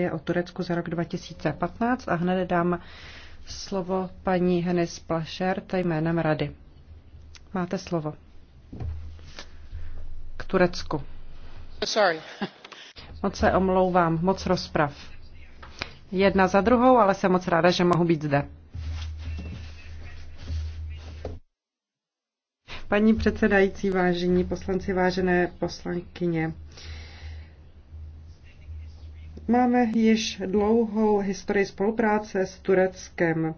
Je o Turecku za rok 2015 a hned dám slovo paní Hennis Plašer jménem Rady. Máte slovo. K Turecku. Sorry. Moc se omlouvám, moc rozprav. Jedna za druhou, ale jsem moc ráda, že mohu být zde. Paní předsedající, vážení poslanci, vážené poslankyně, Máme již dlouhou historii spolupráce s Tureckem.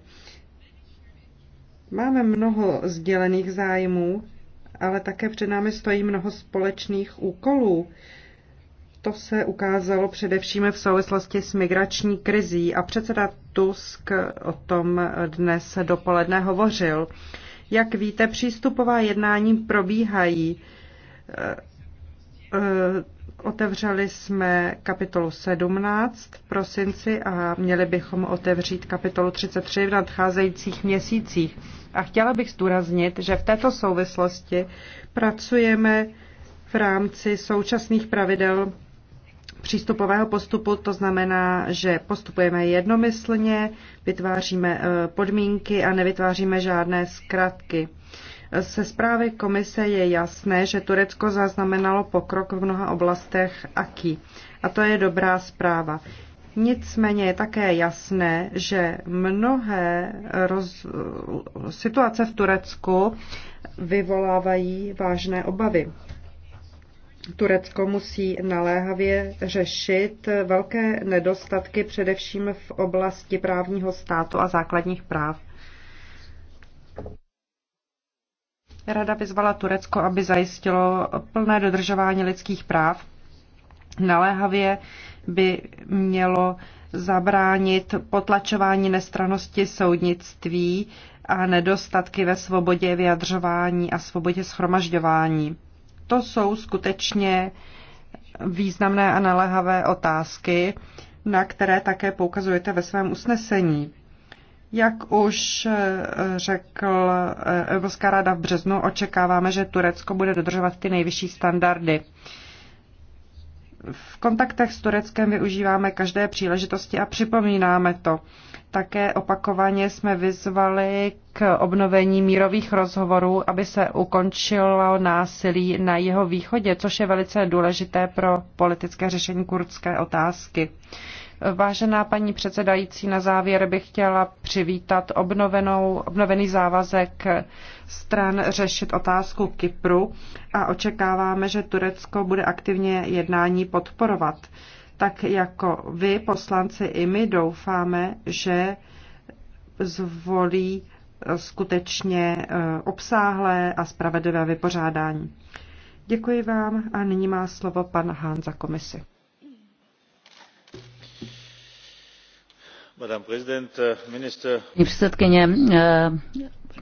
Máme mnoho sdělených zájmů, ale také před námi stojí mnoho společných úkolů. To se ukázalo především v souvislosti s migrační krizí a předseda Tusk o tom dnes dopoledne hovořil. Jak víte, přístupová jednání probíhají Eh, otevřeli jsme kapitolu 17 v prosinci a měli bychom otevřít kapitolu 33 v nadcházejících měsících. A chtěla bych zdůraznit, že v této souvislosti pracujeme v rámci současných pravidel přístupového postupu, to znamená, že postupujeme jednomyslně, vytváříme eh, podmínky a nevytváříme žádné zkratky. Se zprávy komise je jasné, že Turecko zaznamenalo pokrok v mnoha oblastech AKI. A to je dobrá zpráva. Nicméně je také jasné, že mnohé roz... situace v Turecku vyvolávají vážné obavy. Turecko musí naléhavě řešit velké nedostatky především v oblasti právního státu a základních práv. Rada vyzvala Turecko, aby zajistilo plné dodržování lidských práv. Naléhavě by mělo zabránit potlačování nestranosti soudnictví a nedostatky ve svobodě vyjadřování a svobodě schromažďování. To jsou skutečně významné a naléhavé otázky, na které také poukazujete ve svém usnesení. Jak už eh, řekl eh, Evropská rada v březnu, očekáváme, že Turecko bude dodržovat ty nejvyšší standardy. V kontaktech s Tureckem využíváme každé příležitosti a připomínáme to. Také opakovaně jsme vyzvali k obnovení mírových rozhovorů, aby se ukončilo násilí na jeho východě, což je velice důležité pro politické řešení kurdské otázky. Vážená paní předsedající, na závěr bych chtěla přivítat obnovenou, obnovený závazek stran řešit otázku Kypru a očekáváme, že Turecko bude aktivně jednání podporovat. Tak jako vy, poslanci, i my doufáme, že zvolí skutečně e, obsáhlé a spravedlivé vypořádání. Děkuji vám a nyní má slovo pan Hán za komisi. Paní předsedkyně, eh,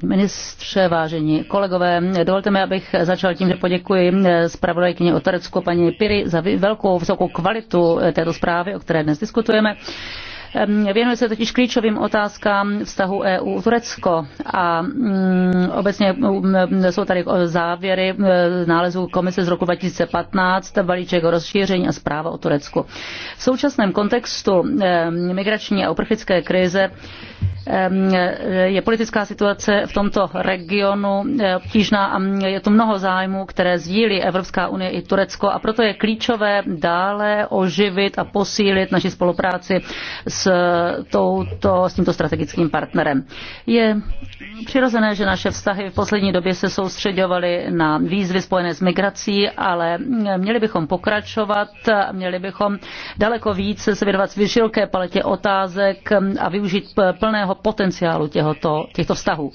ministře, vážení kolegové, dovolte mi, abych začal tím, že poděkuji eh, zpravodajkyni o Turecku paní Piri za velkou vysokou kvalitu eh, této zprávy, o které dnes diskutujeme. Věnuje se totiž klíčovým otázkám vztahu EU-Turecko a mm, obecně mm, jsou tady závěry mm, nálezu komise z roku 2015, balíček o rozšíření a zpráva o Turecku. V současném kontextu migrační a uprchlické krize je politická situace v tomto regionu obtížná a je tu mnoho zájmů, které sdílí Evropská unie i Turecko a proto je klíčové dále oživit a posílit naši spolupráci s s, touto, s tímto strategickým partnerem. Je přirozené, že naše vztahy v poslední době se soustředovaly na výzvy spojené s migrací, ale měli bychom pokračovat, měli bychom daleko víc se věnovat v široké paletě otázek a využít plného potenciálu těchto, těchto vztahů.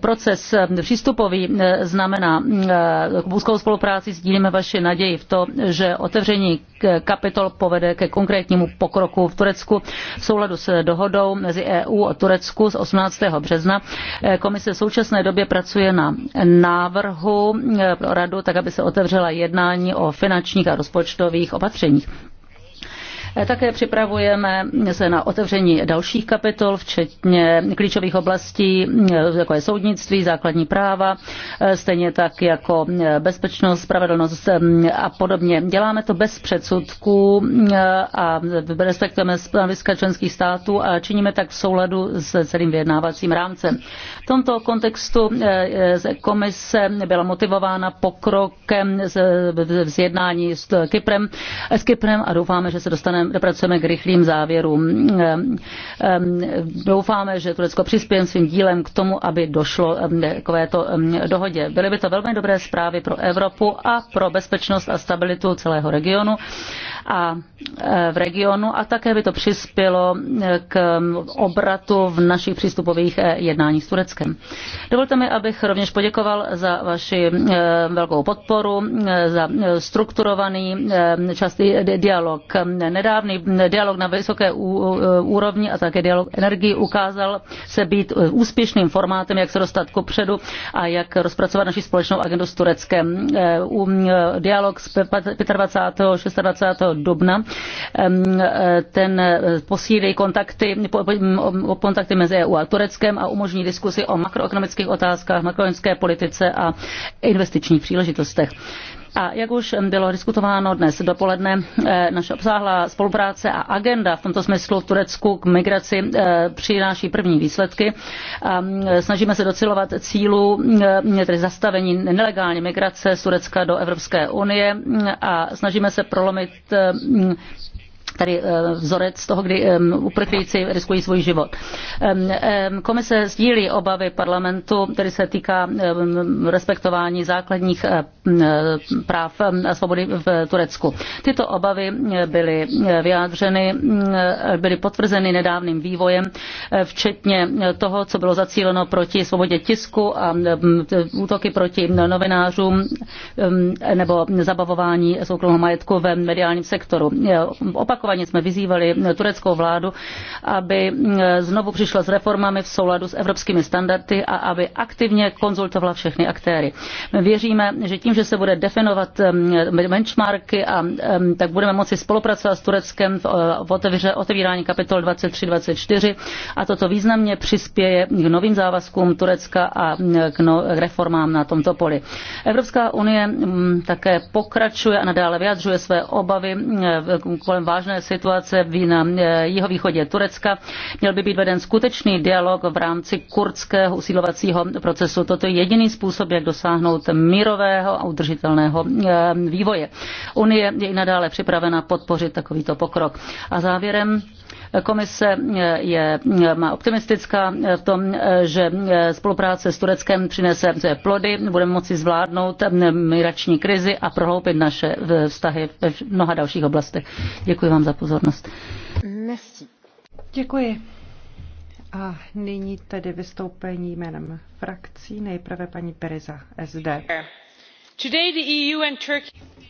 Proces přístupový znamená úzkou spolupráci, sdílíme vaše naději v to, že otevření kapitol povede ke konkrétnímu pokračování pokroku v Turecku v souladu s dohodou mezi EU a Turecku z 18. března. Eh, Komise v současné době pracuje na návrhu eh, pro radu, tak aby se otevřela jednání o finančních a rozpočtových opatřeních. Také připravujeme se na otevření dalších kapitol, včetně klíčových oblastí, jako je soudnictví, základní práva, stejně tak jako bezpečnost, spravedlnost a podobně. Děláme to bez předsudků a respektujeme stanoviska členských států a činíme tak v souladu s celým vyjednávacím rámcem. V tomto kontextu komise byla motivována pokrokem z jednání s Kyprem, s Kyprem a doufáme, že se dostaneme dopracujeme k rychlým závěrům. Ehm, ehm, doufáme, že Turecko přispěje svým dílem k tomu, aby došlo ehm, k této dohodě. Byly by to velmi dobré zprávy pro Evropu a pro bezpečnost a stabilitu celého regionu a e, v regionu a také by to přispělo e, k obratu v našich přístupových e, jednáních s Tureckem. Dovolte mi, abych rovněž poděkoval za vaši velkou podporu, za strukturovaný častý dialog. Nedávný dialog na vysoké úrovni a také dialog energii ukázal se být úspěšným formátem, jak se dostat předu a jak rozpracovat naši společnou agendu s Tureckem. Dialog z 25. 26 dubna. Ten eh, posílí kontakty, kontakty mezi EU a Tureckem a umožní diskusi o makroekonomických otázkách, makroekonomické politice a investičních příležitostech. A jak už bylo diskutováno dnes dopoledne, eh, naše obsáhlá spolupráce a agenda v tomto smyslu v Turecku k migraci eh, přináší první výsledky. Mm, snažíme se docilovat cílu mm, tedy zastavení nelegální migrace z Turecka do Evropské unie mm, a snažíme se prolomit eh, tady eh, vzorec toho, kdy uprchlíci riskují svůj život. Komise sdílí obavy parlamentu, který se týká respektování základních eh, eh, práv a svobody v Turecku. Tyto obavy byly vyjádřeny, byly potvrzeny nedávným vývojem, včetně toho, co bylo zacíleno proti svobodě tisku a útoky proti novinářům nebo zabavování soukromého majetku ve mediálním sektoru. Opak opakovaně jsme vyzývali tureckou vládu, aby znovu přišla s reformami v souladu s evropskými standardy a aby aktivně konzultovala všechny aktéry. Věříme, že tím, že se bude definovat benchmarky, a, tak budeme moci spolupracovat s Tureckem v otevírání kapitol 23-24 a toto významně přispěje k novým závazkům Turecka a k, no, k reformám na tomto poli. Evropská unie také pokračuje a nadále vyjadřuje své obavy kolem vážné situace v na eh, jihovýchodě Turecka. Měl by být veden skutečný dialog v rámci kurdského usilovacího procesu. Toto je jediný způsob, jak dosáhnout mírového a udržitelného eh, vývoje. Unie je i nadále připravena podpořit takovýto pokrok. A závěrem Komise je optimistická v tom, že spolupráce s Tureckem přinese plody, budeme moci zvládnout migrační krizi a prohloubit naše vztahy v mnoha dalších oblastech. Děkuji vám za pozornost. Merci. Děkuji. A nyní tedy vystoupení jménem frakcí, nejprve paní Periza SD. EU e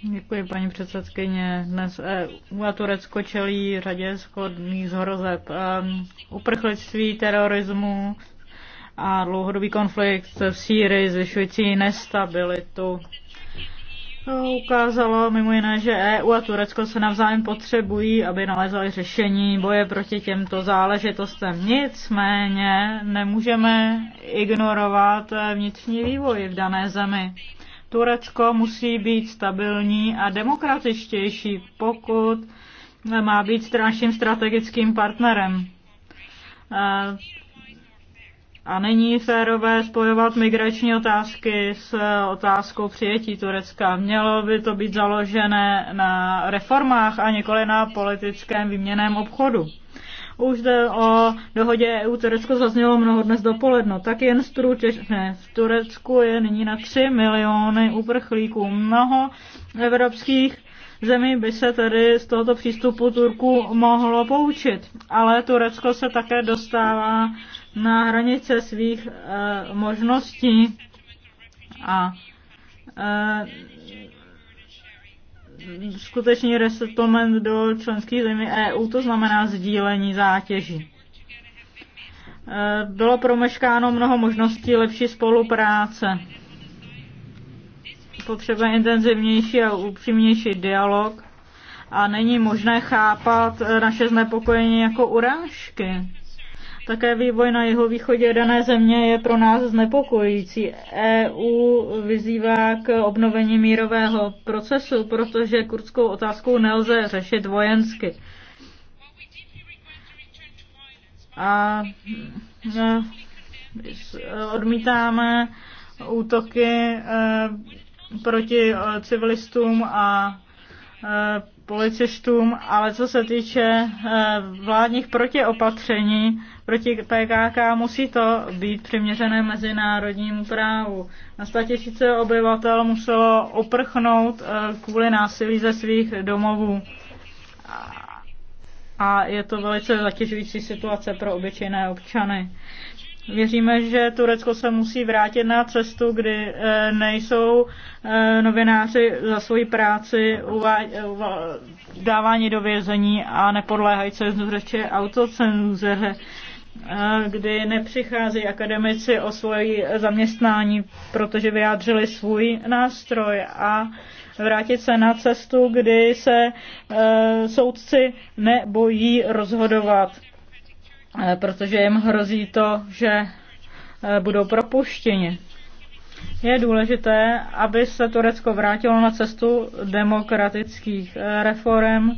Děkuji, paní předsedkyně. Dnes EU a Turecko čelí řadě shodných hrozeb. Ehm, uprchlictví, terorismu a dlouhodobý konflikt v Sýrii zvyšující nestabilitu. To ukázalo mimo jiné, že EU a Turecko se navzájem potřebují, aby nalezali řešení boje proti těmto záležitostem. Nicméně nemůžeme ignorovat vnitřní vývoj v dané zemi. Turecko musí být stabilní a demokratičtější, pokud má být naším strategickým partnerem. A není férové spojovat migrační otázky s otázkou přijetí Turecka. Mělo by to být založené na reformách a nikoli na politickém výměném obchodu. Už zde o dohodě EU Turecko zaznělo mnoho dnes dopoledno. Tak jen stručně. V Turecku je nyní na 3 miliony uprchlíků. Mnoho evropských zemí by se tedy z tohoto přístupu Turku mohlo poučit. Ale Turecko se také dostává na hranice svých e, možností a e, skutečný resettlement do členských zemí EU, to znamená sdílení zátěží. E, bylo promeškáno mnoho možností lepší spolupráce. Potřebuje intenzivnější a upřímnější dialog a není možné chápat naše znepokojení jako urážky také vývoj na jeho východě dané země je pro nás znepokojící. EU vyzývá k obnovení mírového procesu, protože kurdskou otázkou nelze řešit vojensky. A e, odmítáme útoky e, proti civilistům a e, policistům, ale co se týče eh, vládních protiopatření proti PKK, musí to být přiměřené mezinárodnímu právu. Na tisíce obyvatel muselo oprchnout eh, kvůli násilí ze svých domovů. A je to velice zatěžující situace pro obyčejné občany. Věříme, že Turecko se musí vrátit na cestu, kdy eh, nejsou eh, novináři za svoji práci dávání do vězení a nepodléhají cenzuře autocenzuře, eh, kdy nepřichází akademici o svoji zaměstnání, protože vyjádřili svůj nástroj a vrátit se na cestu, kdy se soudci nebojí rozhodovat Eh, protože jim hrozí to, že eh, budou propuštěni. Je důležité, aby se Turecko vrátilo na cestu demokratických eh, reform,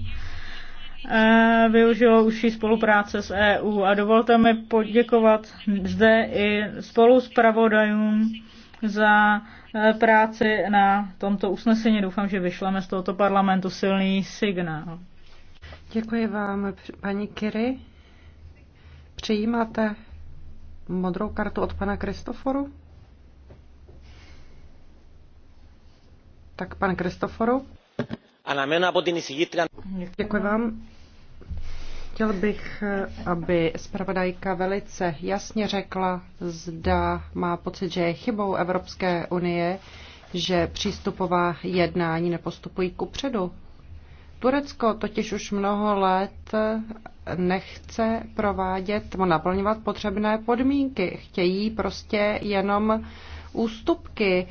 využilo užší spolupráce s EU a dovolte mi poděkovat zde i spolu s pravodajům za práci na tomto usnesení. Doufám, že vyšleme z tohoto parlamentu silný signál. Děkuji vám, paní Kiry. Přijímáte modrou kartu od pana Kristoforu? Tak pan Kristoforu. Děkuji vám. Chtěl bych, aby zpravodajka velice jasně řekla, zda má pocit, že je chybou Evropské unie, že přístupová jednání nepostupují kupředu Turecko totiž už mnoho let nechce provádět nebo naplňovat potřebné podmínky. Chtějí prostě jenom ústupky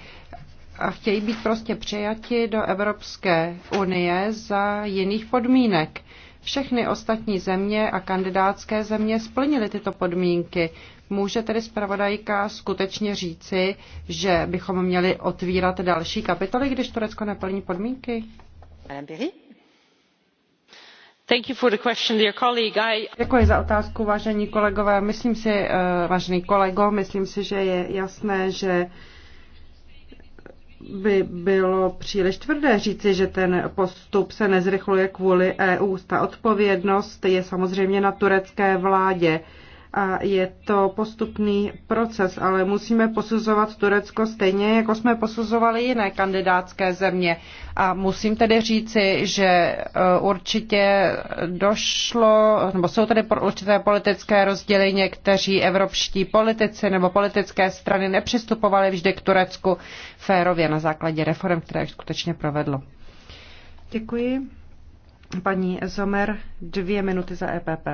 a chtějí být prostě přijati do Evropské unie za jiných podmínek. Všechny ostatní země a kandidátské země splnily tyto podmínky. Může tedy zpravodajka skutečně říci, že bychom měli otvírat další kapitoly, když Turecko neplní podmínky? Madame za otázku, Myslím eh, vážený kolego, myslím si, že je jasné, že by bylo příliš tvrdé říci, že ten postup se nezrychluje kvůli EU. Ta odpovědnost je samozřejmě na turecké vládě a je to postupný proces, ale musíme posuzovat Turecko stejně, jako jsme posuzovali jiné kandidátské země. A musím tedy říci, že eh, určitě došlo, nebo jsou tady určité politické rozdíly, někteří evropští politici nebo politické strany nepřistupovali vždy k Turecku férově na základě reform, které skutečně provedlo. Děkuji. Paní Zomer, dvě minuty za EPP.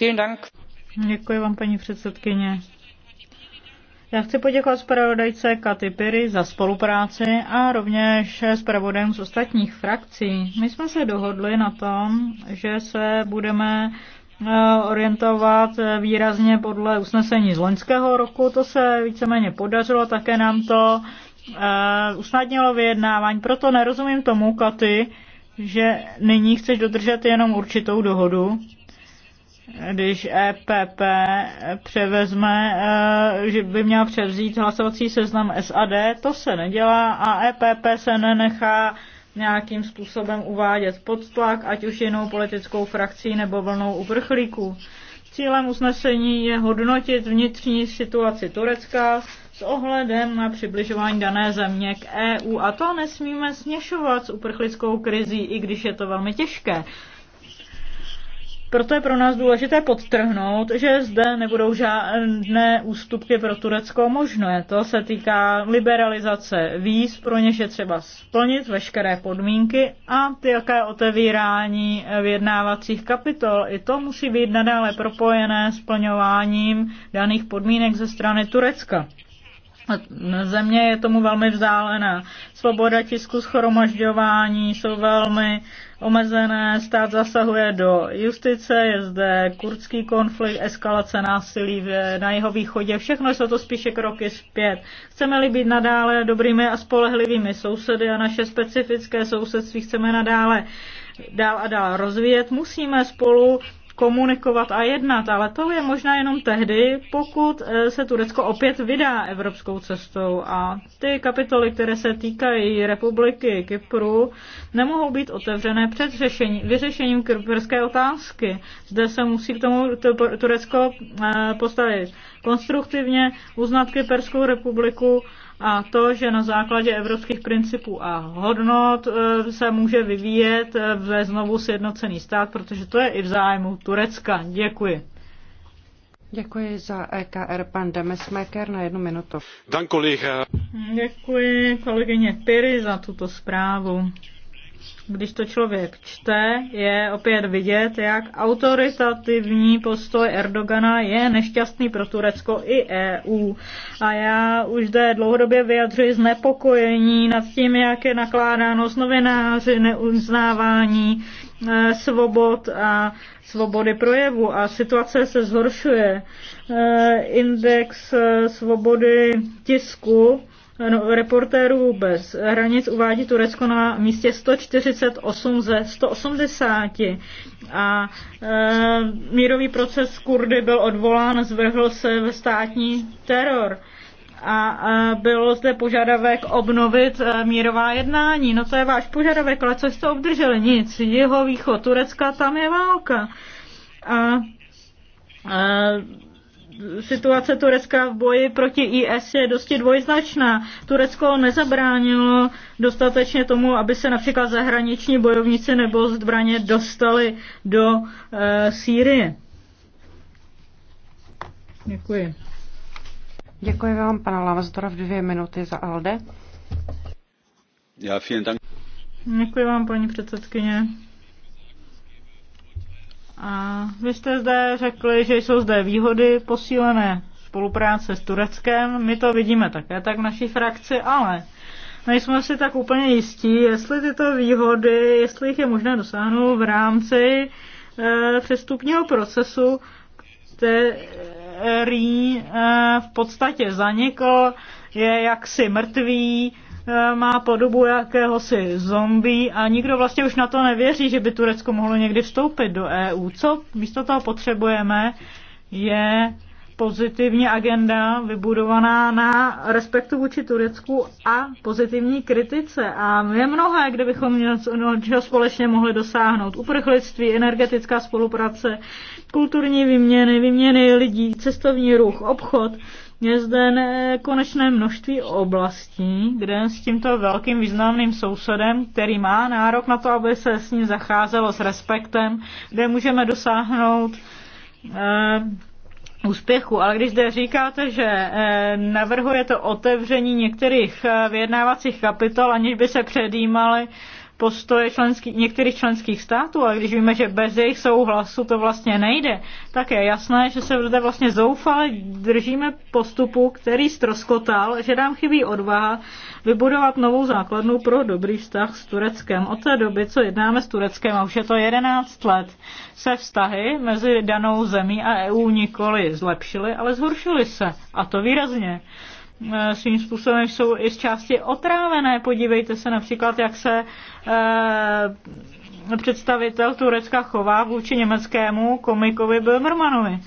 Vielen Dank. Děkuji vám, paní předsedkyně. Já chci poděkovat zpravodajce Katy Piry za spolupráci a rovněž zpravodajům z ostatních frakcí. My jsme se dohodli na tom, že se budeme eh, orientovat výrazně podle usnesení z loňského roku. To se víceméně podařilo, také nám to eh, usnadnilo vyjednávání. Proto nerozumím tomu, Katy, že nyní chceš dodržet jenom určitou dohodu, když EPP převezme, eh, že by měl převzít hlasovací seznam SAD, to se nedělá a EPP se nenechá nějakým způsobem uvádět pod tlak, ať už jinou politickou frakcí nebo vlnou uprchlíků. Cílem usnesení je hodnotit vnitřní situaci Turecka s ohledem na přibližování dané země k EU a to nesmíme směšovat s uprchlickou krizí, i když je to velmi těžké. Proto je pro nás důležité podtrhnout, že zde nebudou žádné ústupky pro Turecko možné. To se týká liberalizace víz, pro něž je třeba splnit veškeré podmínky a ty jaké otevírání vyjednávacích kapitol. I to musí být nadále propojené splňováním daných podmínek ze strany Turecka. Země je tomu velmi vzdálená. Svoboda tisku, schromažďování jsou velmi omezené, stát zasahuje do justice, je zde kurdský konflikt, eskalace násilí na jeho východě, všechno jsou to spíše kroky zpět. Chceme-li být nadále dobrými a spolehlivými sousedy a naše specifické sousedství chceme nadále dál a dál rozvíjet, musíme spolu komunikovat a jednat, ale to je možná jenom tehdy, pokud eh, se Turecko opět vydá evropskou cestou a ty kapitoly, které se týkají republiky Kypru, nemohou být otevřené před řešení, vyřešením kyperské otázky. Zde se musí k tomu Turecko eh, postavit konstruktivně, uznat Kyperskou republiku, a to, že na základě evropských principů a hodnot eh, se může vyvíjet eh, ve znovu sjednocený stát, protože to je i v zájmu Turecka. Děkuji. Děkuji za EKR, pan Demesmaker, na jednu minutu. Dan kolega. Děkuji kolegyně Piri za tuto zprávu když to člověk čte, je opět vidět, jak autoritativní postoj Erdogana je nešťastný pro Turecko i EU. A já už zde dlouhodobě vyjadřuji znepokojení nad tím, jak je nakládáno s novináři, neuznávání eh, svobod a svobody projevu a situace se zhoršuje. Eh, index eh, svobody tisku no, reportérů bez hranic uvádí Turecko na místě 148 ze 180. A e, mírový proces Kurdy byl odvolán, zvrhl se ve státní teror. A e, bylo zde požadavek obnovit e, mírová jednání. No to je váš požadavek, ale co jste obdrželi? Nic. Jeho východ Turecka, tam je válka. A e, situace Turecka v boji proti IS je dosti dvojznačná. Turecko nezabránilo dostatečně tomu, aby se například zahraniční bojovníci nebo zbraně dostali do e, Sýrie. Děkuji. Děkuji vám, pana Lavazdorov, dvě minuty za ALDE. Já, vielen Dank. Děkuji vám, paní předsedkyně. A vy jste zde řekli, že jsou zde výhody posílené spolupráce s Tureckem. My to vidíme také tak v naší frakci, ale nejsme si tak úplně jistí, jestli tyto výhody, jestli jich je možné dosáhnout v rámci e, přestupního procesu, který e, v podstatě zanikl, je jaksi mrtvý, Eh, má podobu jakéhosi zombí a nikdo vlastně už na to nevěří, že by Turecko mohlo někdy vstoupit do EU. Co místo toho potřebujeme, je pozitivní agenda vybudovaná na respektu vůči Turecku a pozitivní kritice. A je mnohé, kde bychom něco no, společně mohli dosáhnout. Uprchlictví, energetická spolupráce, kulturní výměny, výměny lidí, cestovní ruch, obchod je zde nekonečné množství oblastí, kde s tímto velkým významným sousedem, který má nárok na to, aby se s ním zacházelo s respektem, kde můžeme dosáhnout eh, úspěchu. Ale když zde říkáte, že eh, navrhuje to otevření některých eh, vyjednávacích kapitol, aniž by se předjímaly eh, postoje členský, některých členských států a když víme, že bez jejich souhlasu to vlastně nejde, tak je jasné, že se zde vlastně zoufale držíme postupu, který stroskotal, že nám chybí odvaha vybudovat novou základnu pro dobrý vztah s Tureckem. Od té doby, co jednáme s Tureckem, a už je to 11 let, se vztahy mezi danou zemí a EU nikoli zlepšily, ale zhoršily se. A to výrazně. Eh, svým způsobem jsou i z části otrávené. Podívejte se například, jak se eh, představitel Turecka chová vůči německému komikovi Böhmermanovi.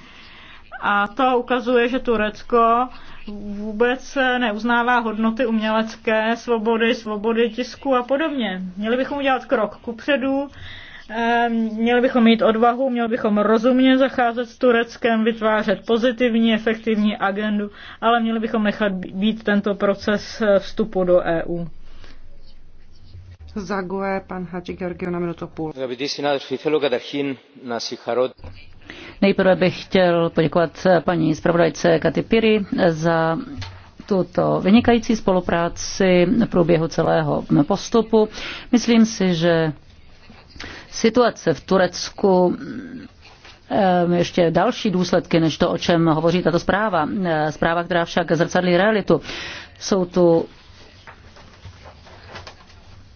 A to ukazuje, že Turecko vůbec eh, neuznává hodnoty umělecké, svobody, svobody tisku a podobně. Měli bychom udělat krok kupředu Ehm, měli bychom mít odvahu, měli bychom rozumně zacházet s Tureckem, vytvářet pozitivní, efektivní agendu, ale měli bychom nechat být tento proces eh, vstupu do EU. Zagoje, pan Hadži Georgiou na minutu půl. Nejprve bych chtěl poděkovat eh, paní zpravodajce Katy Piri za tuto vynikající spolupráci v průběhu celého postupu. Myslím si, že Situace v Turecku ehm, ještě další důsledky, než to, o čem hovoří tato zpráva. Ehm, zpráva, která však zrcadlí realitu. Jsou tu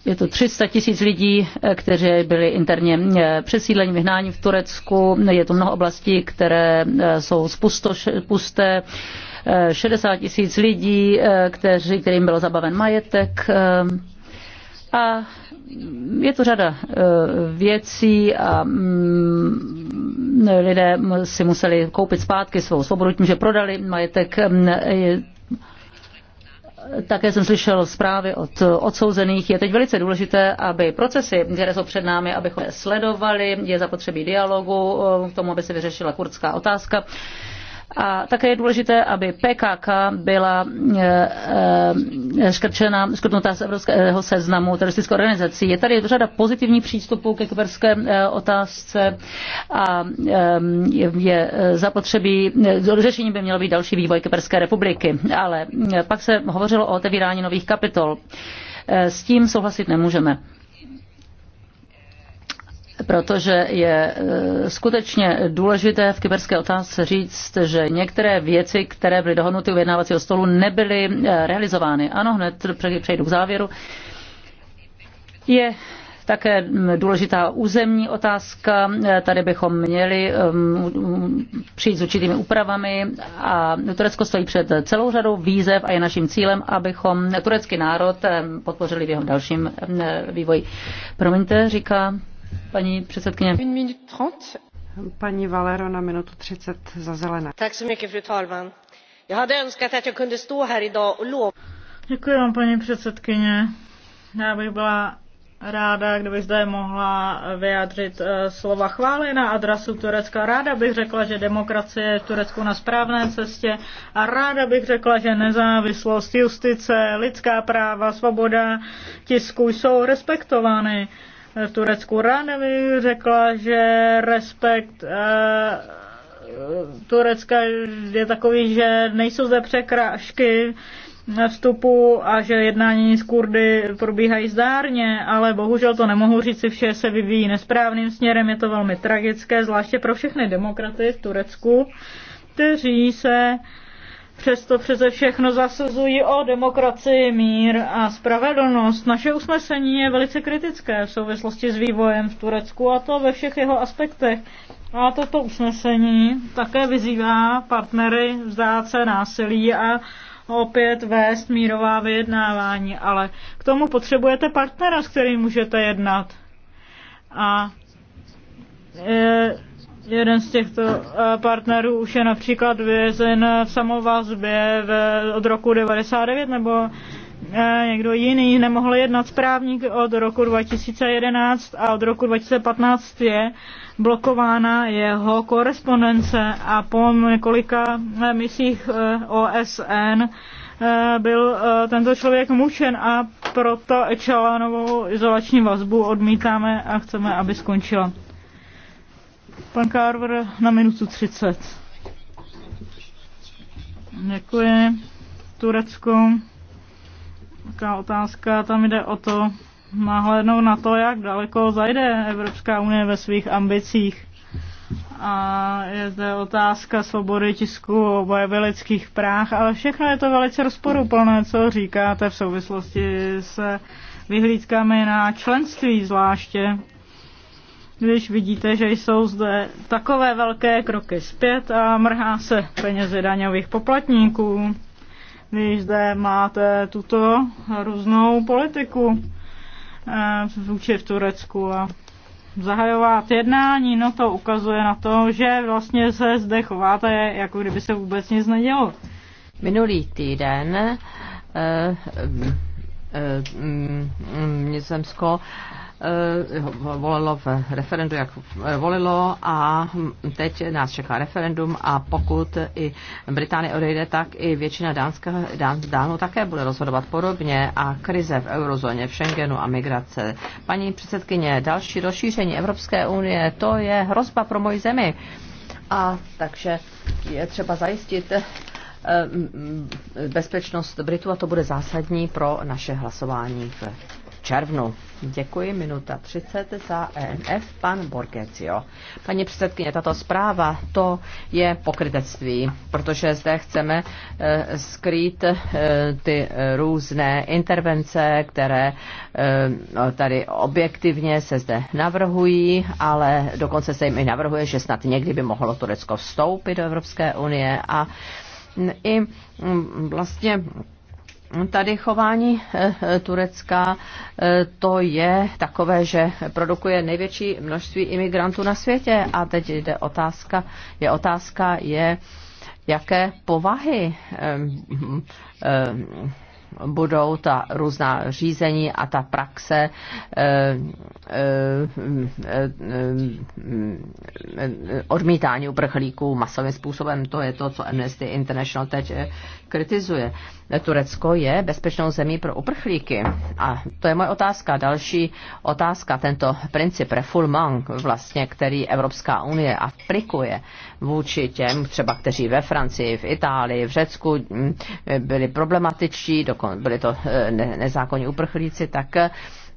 je to 300 tisíc lidí, eh, kteří byli interně eh, přesídleni, vyhnáni v Turecku. Je to mnoho oblastí, které eh, jsou spustoš, 60 tisíc lidí, kteří, kterým byl zabaven majetek. Ehm, a je to řada eh, věcí a mm, lidé si museli koupit zpátky svou svobodu tím, že prodali majetek. Mm, také jsem slyšel zprávy od odsouzených. Je teď velice důležité, aby procesy, které jsou před námi, abychom sledovali, je zapotřebí dialogu eh, k tomu, aby se vyřešila kurdská otázka. A také je důležité, aby PKK byla eh, eh, škrčena, škrtnutá z evropského seznamu teroristických organizací. Je tady řada pozitivních přístupů ke kyberské eh, otázce a je zapotřebí, řešení by mělo být další vývoj Kyperské republiky, ale pak se hovořilo o otevírání nových kapitol. S tím souhlasit nemůžeme protože je e, skutečně důležité v kyberské otázce říct, že některé věci, které byly dohodnuty u vyjednávacího stolu, nebyly e, realizovány. Ano, hned přejdu k závěru. Je také důležitá územní otázka. E, tady bychom měli přijít s určitými úpravami a Turecko stojí před celou řadou výzev a je naším cílem, abychom turecký národ podpořili v jeho dalším vývoji. Promiňte, říká Paní předsedkyně. Paní Valero na minutu 30 za zelené. Tak se mycket, fru talman. Jag hade önskat att jag kunde stå här idag och Děkuji vám, paní předsedkyně. Já bych byla ráda, kdyby zde mohla vyjádřit eh, slova chvály na adresu Turecka. Ráda bych řekla, že demokracie je v Turecku na správné cestě a ráda bych řekla, že nezávislost, justice, lidská práva, svoboda tisku jsou respektovány. Turecku. Ráno mi řekla, že respekt eh, Turecka je takový, že nejsou zde překrážky vstupu a že jednání s Kurdy probíhají zdárně, ale bohužel to nemohu říct, si vše se vyvíjí nesprávným směrem, je to velmi tragické, zvláště pro všechny demokraty v Turecku, kteří se Přesto přeze všechno zasazují o demokracii, mír a spravedlnost. Naše usnesení je velice kritické v souvislosti s vývojem v Turecku a to ve všech jeho aspektech. A toto usnesení také vyzývá partnery vzdát se násilí a opět vést mírová vyjednávání, ale k tomu potřebujete partnera, s kterým můžete jednat. A e, Jeden z těchto eh, partnerů už je například vězen v samovazbě od roku 99 nebo eh, někdo jiný nemohl jednat správník od roku 2011 a od roku 2015 je blokována jeho korespondence a po několika eh, misích OSN byl tento člověk mučen a proto Čalánovou izolační vazbu odmítáme a chceme, aby skončila. Pan Carver na minutu 30. Děkuji. Turecko. Taková otázka, tam jde o to, nahlédnout na to, jak daleko zajde Evropská unie ve svých ambicích. A je zde otázka svobody tisku, oboje lidských práv, ale všechno je to velice rozporuplné, co říkáte v souvislosti se vyhlídkami na členství zvláště když vidíte, že jsou zde takové velké kroky zpět a mrhá se penězi daňových poplatníků, když zde máte tuto různou politiku eh, vůči v Turecku a zahajovat jednání, no to ukazuje na to, že vlastně se zde chováte, jako kdyby se vůbec nic nedělo. Minulý týden eh, Nizemsko eh, volilo v referendu, jak volilo a teď nás čeká referendum a pokud i Británie odejde, tak i většina Dánska, Dán, Dánu také bude rozhodovat podobně a krize v eurozóně, v Schengenu a migrace. Paní předsedkyně, další rozšíření Evropské unie, to je hrozba pro moji zemi. A takže je třeba zajistit Eh, bezpečnost Britů a to bude zásadní pro naše hlasování v červnu. Děkuji, minuta 30 za EMF, pan Borgecio. Paní předsedkyně, tato zpráva, to je pokrytectví, protože zde chceme e, skrýt e, ty různé intervence, které e, tady objektivně se zde navrhují, ale dokonce se jim i navrhuje, že snad někdy by mohlo Turecko vstoupit do Evropské unie a i mm, vlastně Tady chování eh, eh, Turecka eh, to je takové, že produkuje největší množství imigrantů na světě a teď jde otázka, je otázka je, jaké povahy budou ta různá řízení a ta praxe eh, eh, eh, odmítání uprchlíků masovým způsobem. To je to, co Amnesty International teď kritizuje. Turecko je bezpečnou zemí pro uprchlíky. A to je moje otázka. Další otázka, tento princip refoulement, vlastně, který Evropská unie aplikuje vůči těm, třeba kteří ve Francii, v Itálii, v Řecku mm, byli problematičtí, byli to eh, nezákonní uprchlíci, tak eh,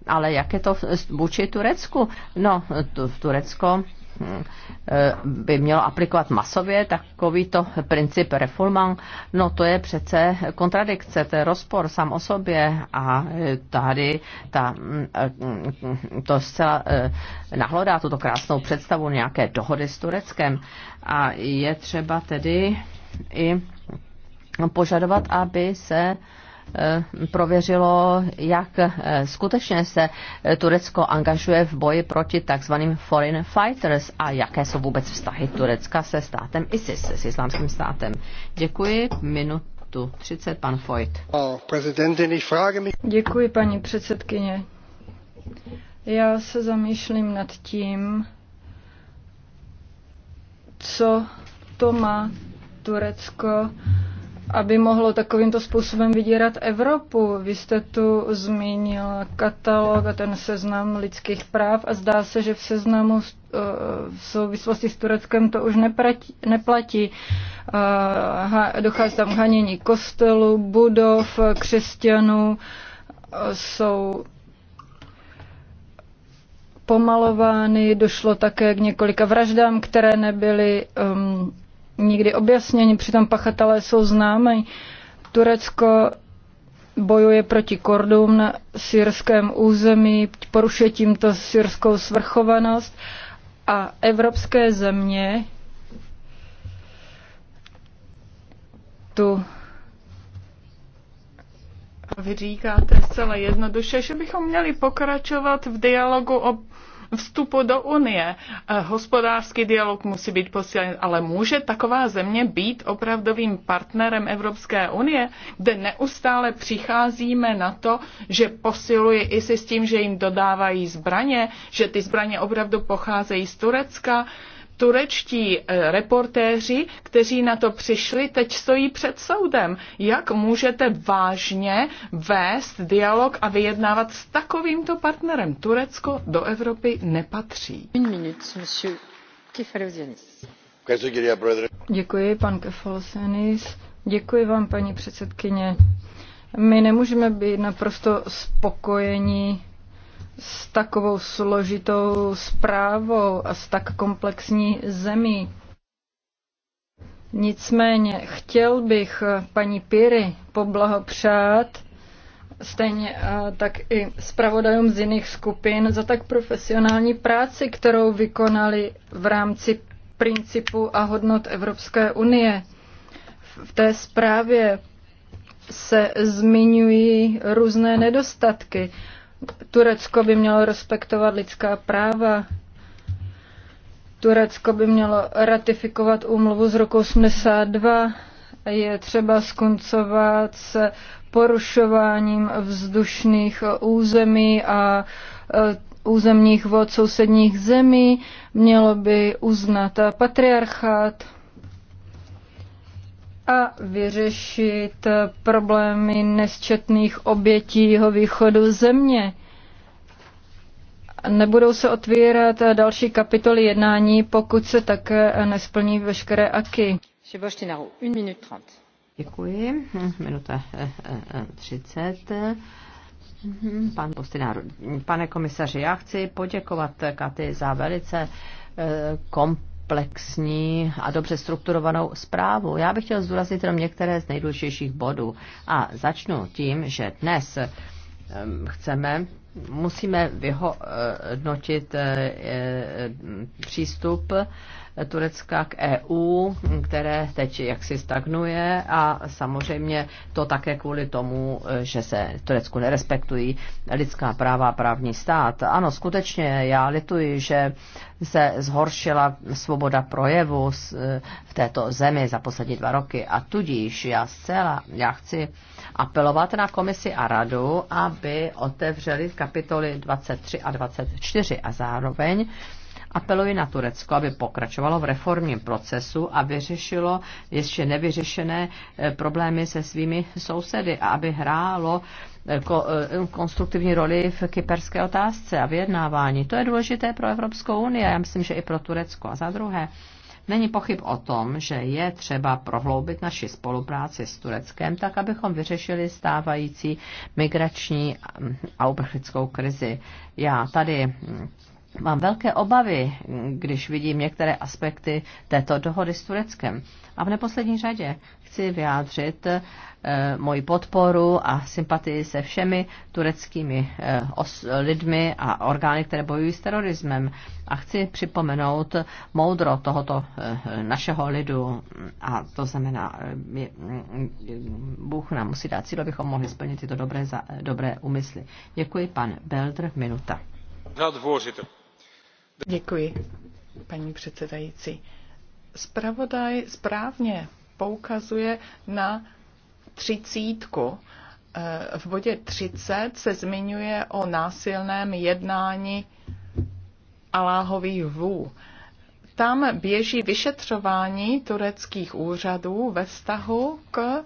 ale jak je to vůči Turecku? No, Turecko by mělo aplikovat masově takovýto princip reformán, no to je přece kontradikce, to je rozpor sám o sobě a tady ta, to zcela eh, nahlodá tuto krásnou představu nějaké dohody s Tureckem a je třeba tedy i požadovat, aby se Eh, prověřilo, jak eh, skutečně se eh, Turecko angažuje v boji proti takzvaným foreign fighters a jaké jsou vůbec vztahy Turecka se státem ISIS, s islámským státem. Děkuji. Minutu 30, pan Foyt. Děkuji, paní předsedkyně. Já se zamýšlím nad tím, co to má Turecko aby mohlo takovýmto způsobem vydírat Evropu. Vy jste tu zmínil katalog a ten seznam lidských práv a zdá se, že v seznamu eh, v souvislosti s Tureckem to už neplatí. neplatí. Eh, dochází tam hanění kostelů, budov, křesťanů, eh, jsou pomalovány, došlo také k několika vraždám, které nebyly um, nikdy objasněni, přitom pachatelé jsou známí. Turecko bojuje proti Kordům na syrském území, porušuje tímto syrskou svrchovanost a evropské země tu vy říkáte zcela jednoduše, že bychom měli pokračovat v dialogu o vstupu do Unie. Eh, hospodářský dialog musí být posílen, ale může taková země být opravdovým partnerem Evropské unie, kde neustále přicházíme na to, že posiluje i se s tím, že jim dodávají zbraně, že ty zbraně opravdu pocházejí z Turecka turečtí eh, reportéři, kteří na to přišli, teď stojí před soudem. Jak můžete vážně vést dialog a vyjednávat s takovýmto partnerem? Turecko do Evropy nepatří. Děkuji, pan Kefalosenis. Děkuji vám, paní předsedkyně. My nemůžeme být naprosto spokojení s takovou složitou zprávou a s tak komplexní zemí. Nicméně chtěl bych paní Piry poblahopřát stejně tak i zpravodajům z jiných skupin za tak profesionální práci, kterou vykonali v rámci principu a hodnot Evropské unie. V té zprávě se zmiňují různé nedostatky Turecko by mělo respektovat lidská práva. Turecko by mělo ratifikovat úmluvu z roku 82. Je třeba skoncovat se porušováním vzdušných území a e, územních vod sousedních zemí. Mělo by uznat patriarchát a vyřešit problémy nesčetných obětí jeho východu země. Nebudou se otvírat další kapitoly jednání, pokud se také nesplní veškeré aky. Děkuji. Minuta 30. Eh, eh, mhm, pan Postináru, pane komisaři, já chci poděkovat Katy za velice eh, komp komplexní a dobře strukturovanou zprávu. Já bych chtěl zdůraznit jenom některé z nejdůležitějších bodů. A začnu tím, že dnes chceme, musíme vyhodnotit eh, eh, přístup Turecka k EU, které teď jaksi stagnuje a samozřejmě to také kvůli tomu, že se v Turecku nerespektují lidská práva a právní stát. Ano, skutečně já lituji, že se zhoršila svoboda projevu v této zemi za poslední dva roky a tudíž já zcela, já chci apelovat na komisi a radu, aby otevřeli kapitoly 23 a 24 a zároveň Apeluji na Turecko, aby pokračovalo v reformním procesu a vyřešilo ještě nevyřešené eh, problémy se svými sousedy a aby hrálo eh, eh, konstruktivní roli v kyperské otázce a vyjednávání. To je důležité pro Evropskou unii a já myslím, že i pro Turecko. A za druhé, Není pochyb o tom, že je třeba prohloubit naši spolupráci s Tureckem, tak abychom vyřešili stávající migrační a uprchlickou krizi. Já tady Mám velké obavy, když vidím některé aspekty této dohody s Tureckem. A v neposlední řadě chci vyjádřit e, moji podporu a sympatii se všemi tureckými e, os, lidmi a orgány, které bojují s terorismem. A chci připomenout moudro tohoto e, našeho lidu. A to znamená, e, Bůh nám musí dát cíl, abychom mohli splnit tyto dobré, za, dobré úmysly. Děkuji, pan Belder, minuta. Rád, voorzitter Děkuji, paní předsedající. Spravodaj správně poukazuje na třicítku. Eh, v bodě 30 se zmiňuje o násilném jednání Aláhových vů. Tam běží vyšetřování tureckých úřadů ve vztahu k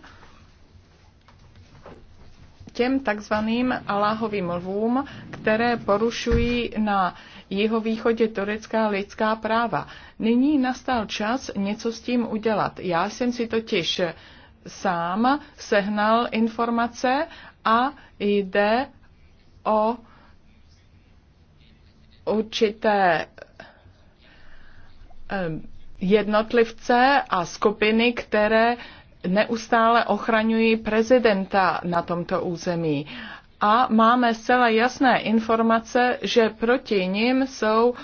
těm takzvaným Aláhovým lvům, které porušují na jeho východě turecká lidská práva. Nyní nastal čas něco s tím udělat. Já jsem si totiž sám sehnal informace a jde o určité jednotlivce a skupiny, které neustále ochraňují prezidenta na tomto území a máme zcela jasné informace, že proti ním jsou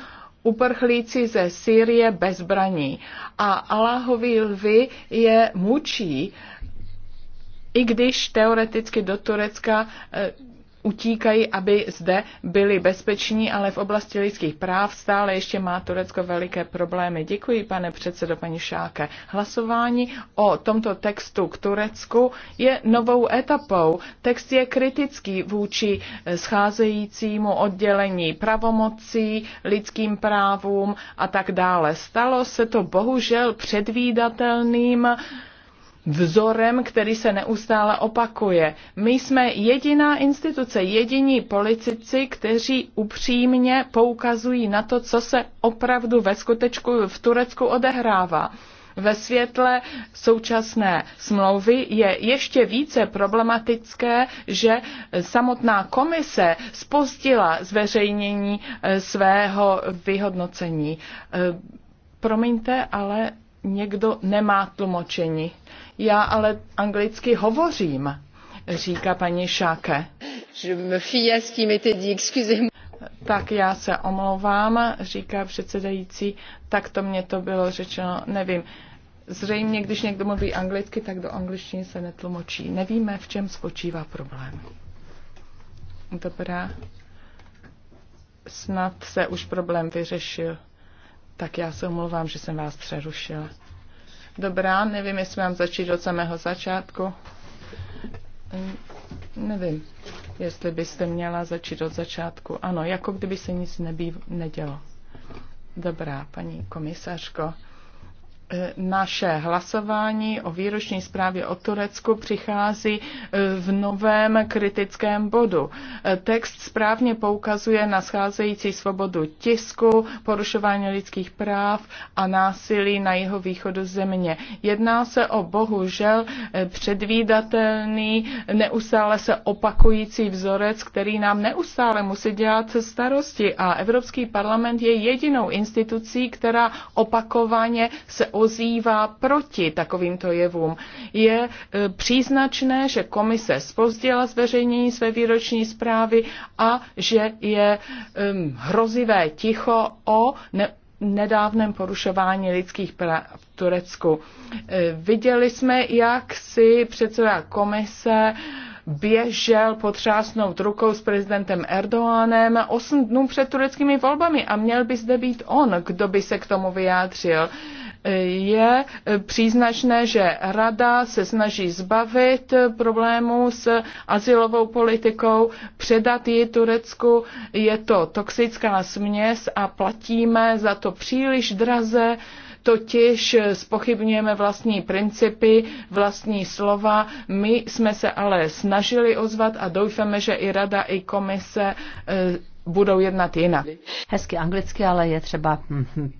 uprchlíci ze Sýrie bezbraní a Allahovi lvy je mučí, i když teoreticky do Turecka eh, utíkají, aby zde byli bezpeční, ale v oblasti lidských práv stále ještě má Turecko veliké problémy. Děkuji, pane předsedo, paní Šáke. Hlasování o tomto textu k Turecku je novou etapou. Text je kritický vůči scházejícímu oddělení pravomocí, lidským právům a tak dále. Stalo se to bohužel předvídatelným vzorem, který se neustále opakuje. My jsme jediná instituce, jediní politici, kteří upřímně poukazují na to, co se opravdu ve skutečku v Turecku odehrává. Ve světle současné smlouvy je ještě více problematické, že samotná komise spustila zveřejnění eh, svého vyhodnocení. Eh, promiňte, ale někdo nemá tlumočení. Já ale anglicky hovořím, říká paní Šáke. Tak já se omlouvám, říká předsedající, tak to mě to bylo řečeno, nevím. Zřejmě, když někdo mluví anglicky, tak do angličtiny se netlumočí. Nevíme, v čem spočívá problém. Dobrá. Snad se už problém vyřešil. Tak já se omlouvám, že jsem vás přerušila. Dobrá, nevím, jestli mám začít od samého začátku. Ehm, nevím, jestli byste měla začít od začátku. Ano, jako kdyby se nic nebýv, nedělo. Dobrá, paní komisařko, E, naše hlasování o výroční zprávě o Turecku přichází e, v novém kritickém bodu. E, text správně poukazuje na scházející svobodu tisku, porušování lidských práv a násilí na jeho východu země. Jedná se o bohužel předvídatelný, neustále se opakující vzorec, který nám neustále musí dělat starosti a Evropský parlament je jedinou institucí, která opakovaně se ozývá proti takovýmto jevům. Je e, příznačné, že komise spozdila zveřejnění své výroční zprávy a že je hrozivé ticho o ne- nedávném porušování lidských práv v Turecku. E, viděli jsme, jak si předseda komise běžel potřásnout rukou s prezidentem Erdoánem 8 dnů před tureckými volbami a měl by zde být on, kdo by se k tomu vyjádřil je příznačné, že Rada se snaží zbavit problémů s asilovou politikou, předat ji Turecku. Je to toxická směs a platíme za to příliš draze totiž spochybňujeme vlastní principy, vlastní slova. My jsme se ale snažili ozvat a doufáme, že i rada, i komise eh, budou jednat jinak. Hezky anglicky, ale je třeba hm, hm,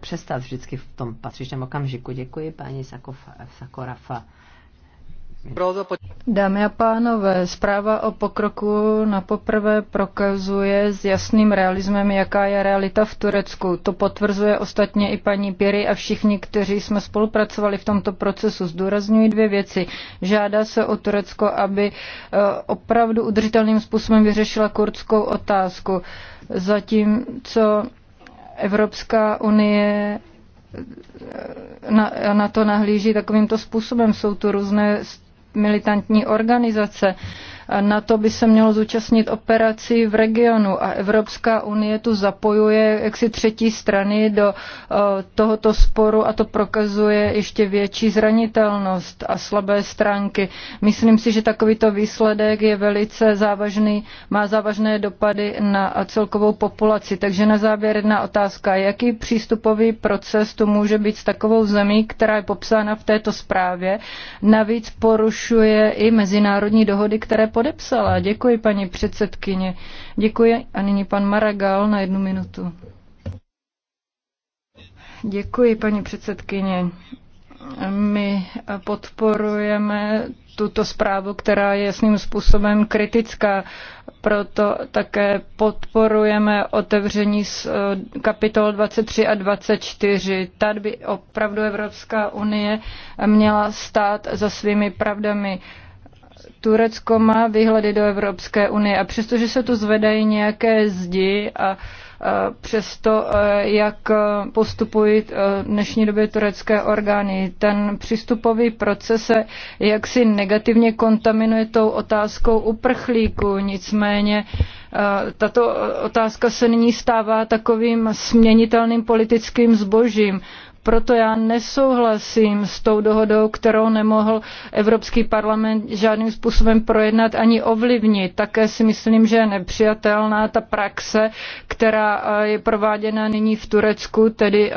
přestat vždycky v tom patřičném okamžiku. Děkuji paní Sakov, Sakorafa. Dámy a pánové, zpráva o pokroku na poprvé prokazuje s jasným realismem, jaká je realita v Turecku. To potvrzuje ostatně i paní Piri a všichni, kteří jsme spolupracovali v tomto procesu. Zdůrazňují dvě věci. Žádá se o Turecko, aby eh, opravdu udržitelným způsobem vyřešila kurdskou otázku. Zatímco Evropská unie eh, na, na to nahlíží takovýmto způsobem. Jsou tu různé militantní organizace. Na to by se mělo zúčastnit operací v regionu a Evropská unie tu zapojuje jaksi třetí strany do eh, tohoto sporu a to prokazuje ještě větší zranitelnost a slabé stránky. Myslím si, že takovýto výsledek je velice závažný, má závažné dopady na celkovou populaci. Takže na závěr jedna otázka. Jaký přístupový proces tu může být s takovou zemí, která je popsána v této zprávě? Navíc porušuje i mezinárodní dohody, které podepsala. Děkuji, paní předsedkyně. Děkuji. A nyní pan Maragal na jednu minutu. Děkuji, paní předsedkyně. My podporujeme tuto zprávu, která je jasným způsobem kritická. Proto také podporujeme otevření z eh, kapitol 23 a 24. Tady by opravdu Evropská unie měla stát za svými pravdami. Turecko má výhledy do Evropské unie a přestože se tu zvedají nějaké zdi a přesto, e, jak postupují e, v dnešní době turecké orgány. Ten přístupový proces se jaksi negativně kontaminuje tou otázkou uprchlíků, nicméně e, tato otázka se nyní stává takovým směnitelným politickým zbožím. Proto já nesouhlasím s tou dohodou, kterou nemohl Evropský parlament žádným způsobem projednat ani ovlivnit. Také si myslím, že je nepřijatelná ta praxe, která eh, je prováděna nyní v Turecku, tedy eh,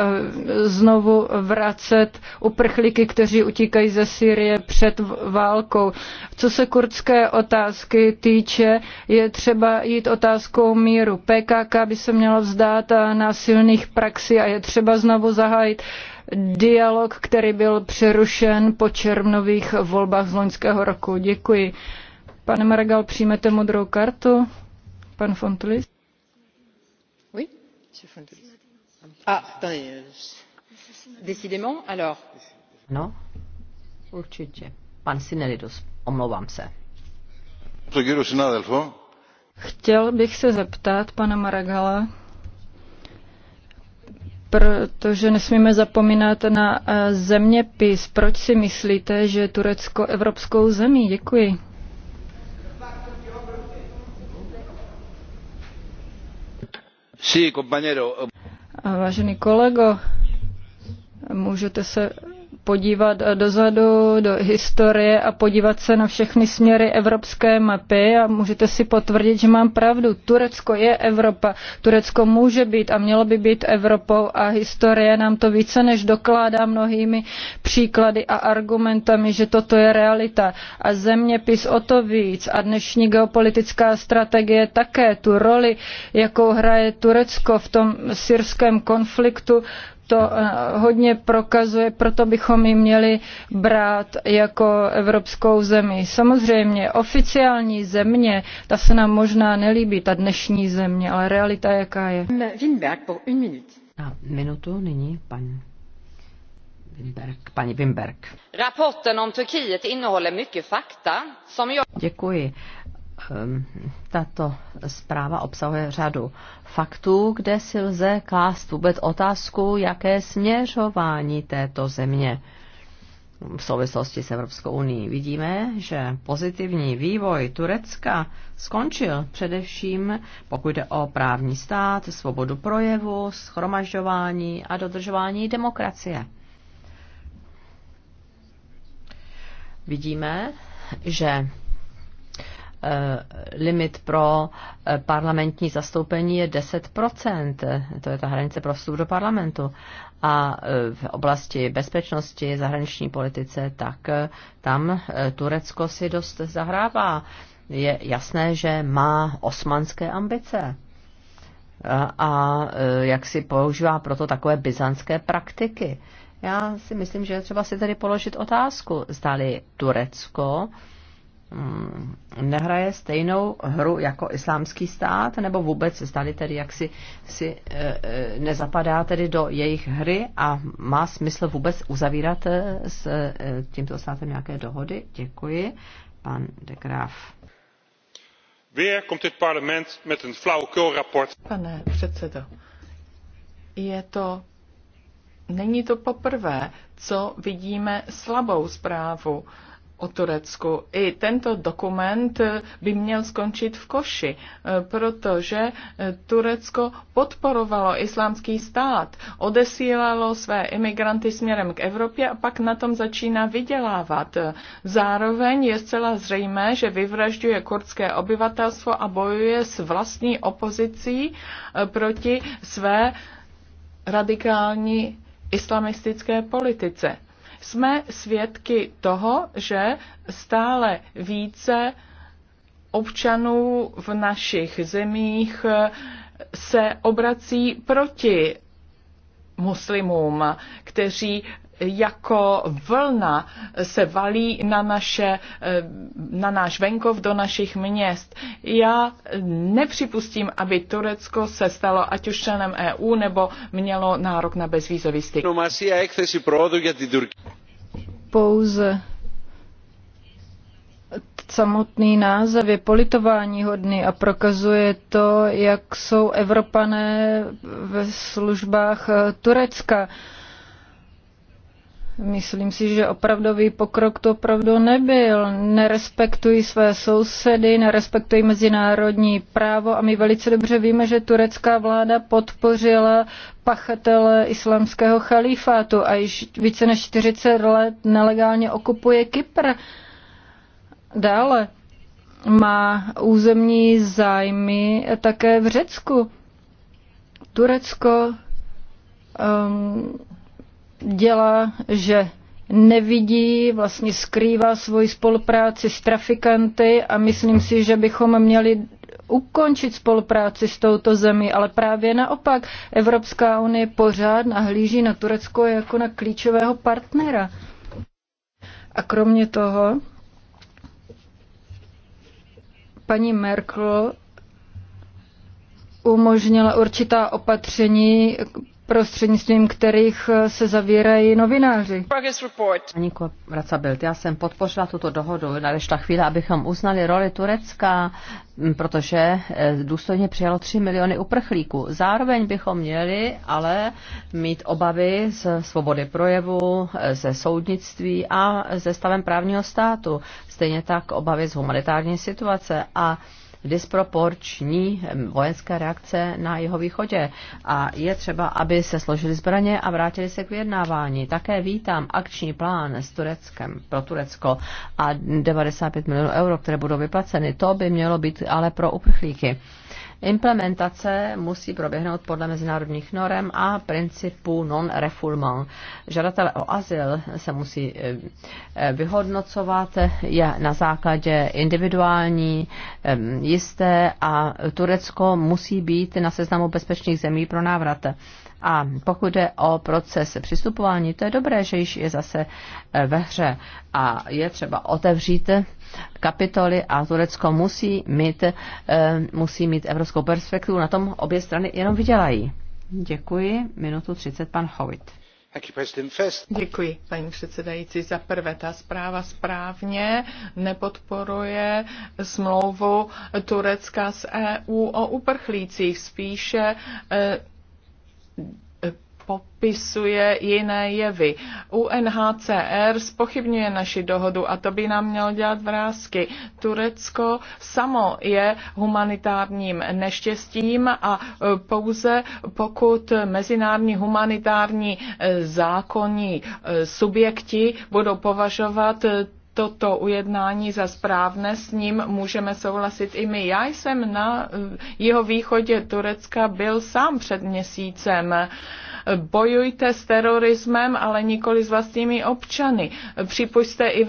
znovu vracet uprchlíky, kteří utíkají ze Sýrie před válkou. Co se kurdské otázky týče, je třeba jít otázkou míru. PKK by se mělo vzdát eh, násilných praxí a je třeba znovu zahájit dialog, který byl přerušen po červnových volbách z loňského roku. Děkuji. Pane Maragal, přijmete modrou kartu? Pan Fontulis? Oui, Fontulis. Ah, attendez. Euh, décidément, alors. No, určitě. Pan Sinelidos, omlouvám se. ¿no? Chtěl bych se zeptat pana Maragala, protože nesmíme zapomínat na eh, zeměpis. Proč si myslíte, že je Turecko evropskou zemí? Děkuji. Sí, compañero. Eh, vážený kolego, můžete se podívat eh, dozadu do historie a podívat se na všechny směry evropské mapy a můžete si potvrdit, že mám pravdu. Turecko je Evropa, Turecko může být a mělo by být Evropou a historie nám to více než dokládá mnohými příklady a argumentami, že toto je realita. A zeměpis o to víc a dnešní geopolitická strategie také tu roli, jakou hraje Turecko v tom syrském konfliktu, to eh, hodně prokazuje, proto bychom ji měli brát jako evropskou zemi. Samozřejmě oficiální země, ta se nám možná nelíbí, ta dnešní země, ale realita jaká je. po Na minutu nyní paní. Wimberg, paní Wimberg. fakta Děkuji. Ehm, tato zpráva obsahuje řadu faktů, kde si lze klást vůbec otázku, jaké směřování této země v souvislosti s Evropskou unii. Vidíme, že pozitivní vývoj Turecka skončil především, pokud jde o právní stát, svobodu projevu, schromažďování a dodržování demokracie. Vidíme, že Eh, limit pro eh, parlamentní zastoupení je 10%, to je ta hranice pro vstup do parlamentu. A eh, v oblasti bezpečnosti, zahraniční politice, tak tam Turecko si dost zahrává. Je jasné, že má osmanské ambice a jak si používá proto takové byzantské praktiky. Já si myslím, že třeba si tady položit otázku, zdali Turecko Mm, nehraje stejnou hru jako islámský stát, nebo vůbec stali tedy jaksi si eh, eh, nezapadá tedy do jejich hry a má smysl vůbec uzavírat eh, s tímto státem nějaké dohody? Děkuji. Pan de Graaf. Weer komt dit parlement met een flauwekul rapport. Pane předsedo, je to Není to poprvé, co vidíme slabou zprávu o Turecku. I tento dokument eh, by měl skončit v koši, eh, protože eh, Turecko podporovalo islámský stát, odesílalo své imigranty směrem k Evropě a pak na tom začíná vydělávat. Zároveň je zcela zřejmé, že vyvražďuje kurdské obyvatelstvo a bojuje s vlastní opozicí proti své radikální islamistické politice jsme svědky toho, že stále více občanů v našich zemích se obrací proti muslimům, kteří jako vlna se valí na, naše, eh, na náš venkov do našich měst. Já nepřipustím, aby Turecko se stalo ať už členem EU nebo mělo nárok na bezvízový styk. Pouze samotný název je politování hodný a prokazuje to, jak jsou Evropané ve službách eh, Turecka Myslím si, že opravdový pokrok to opravdu nebyl. Nerespektují své sousedy, nerespektují mezinárodní právo a my velice dobře víme, že turecká vláda podpořila pachatele islamského chalífátu a již více než 40 let nelegálně okupuje Kypr. Dále má územní zájmy také v Řecku. Turecko um, dělá, že nevidí, vlastně skrývá svoji spolupráci s trafikanty a myslím si, že bychom měli ukončit spolupráci s touto zemí, ale právě naopak Evropská unie pořád nahlíží na Turecko jako na klíčového partnera. A kromě toho, paní Merkel umožnila určitá opatření prostřednictvím kterých eh, se zavírají novináři. Aniko Racabilt, já jsem podpořila tuto dohodu. Nadešla chvíle, abychom uznali roli Turecka, protože eh, důstojně přijalo 3 miliony uprchlíků. Zároveň bychom měli ale mít obavy z svobody projevu, eh, ze soudnictví a ze stavem právního státu. Stejně tak obavy z humanitární situace a disproporční vojenské reakce na jeho východě a je třeba, aby se složili zbraně a vrátili se k vyjednávání. Také vítám akční plán s Tureckem pro Turecko a 95 milionů euro, které budou vyplaceny. To by mělo být ale pro uprchlíky. Implementace musí proběhnout podle mezinárodních norem a principu non-refoulement. Žadatel o azyl se musí eh, eh, vyhodnocovat je na základě individuální, eh, jisté a Turecko musí být na seznamu bezpečných zemí pro návrat. A pokud jde o proces přistupování, to je dobré, že již je zase ve hře a je třeba otevřít kapitoly a Turecko musí mít, eh, musí mít evropskou perspektivu. Na tom obě strany jenom vydělají. Děkuji. Minutu 30, pan Howitt. Děkuji, paní předsedající. Za prvé, ta zpráva správně nepodporuje smlouvu Turecka s EU o uprchlících, spíše eh, popisuje jiné jevy. UNHCR spochybňuje naši dohodu a to by nám mělo dělat vrázky. Turecko samo je humanitárním neštěstím a e, pouze pokud mezinárodní humanitární e, zákonní e, subjekti budou považovat toto ujednání za správné, s ním můžeme souhlasit i my. Já jsem na jeho východě Turecka byl sám před měsícem. Bojujte s terorismem, ale nikoli s vlastními občany. i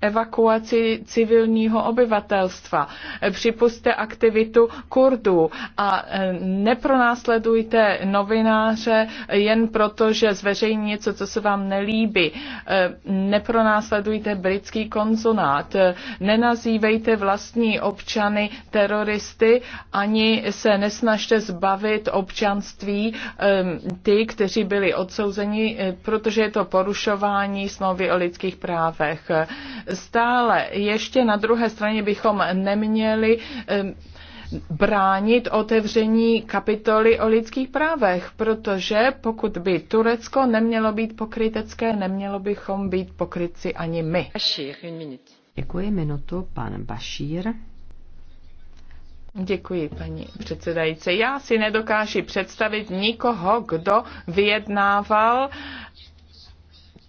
evakuaci civilního obyvatelstva. Připustte aktivitu Kurdů a e, nepronásledujte novináře jen proto, že zveřejní něco, co se vám nelíbí. E, nepronásledujte britský konzulát. Nenazývejte vlastní občany teroristy ani se nesnažte zbavit občanství e, ty, kteří byli odsouzeni, eh, protože je to porušování smlouvy o lidských právech. Stále ještě na druhé straně bychom neměli eh, bránit otevření kapitoly o lidských právech, protože pokud by Turecko nemělo být pokrytecké, nemělo bychom být pokrytci ani my. Děkuji minutu, pan Bashir. Děkuji, paní předsedající. Já si nedokážu představit nikoho, kdo vyjednával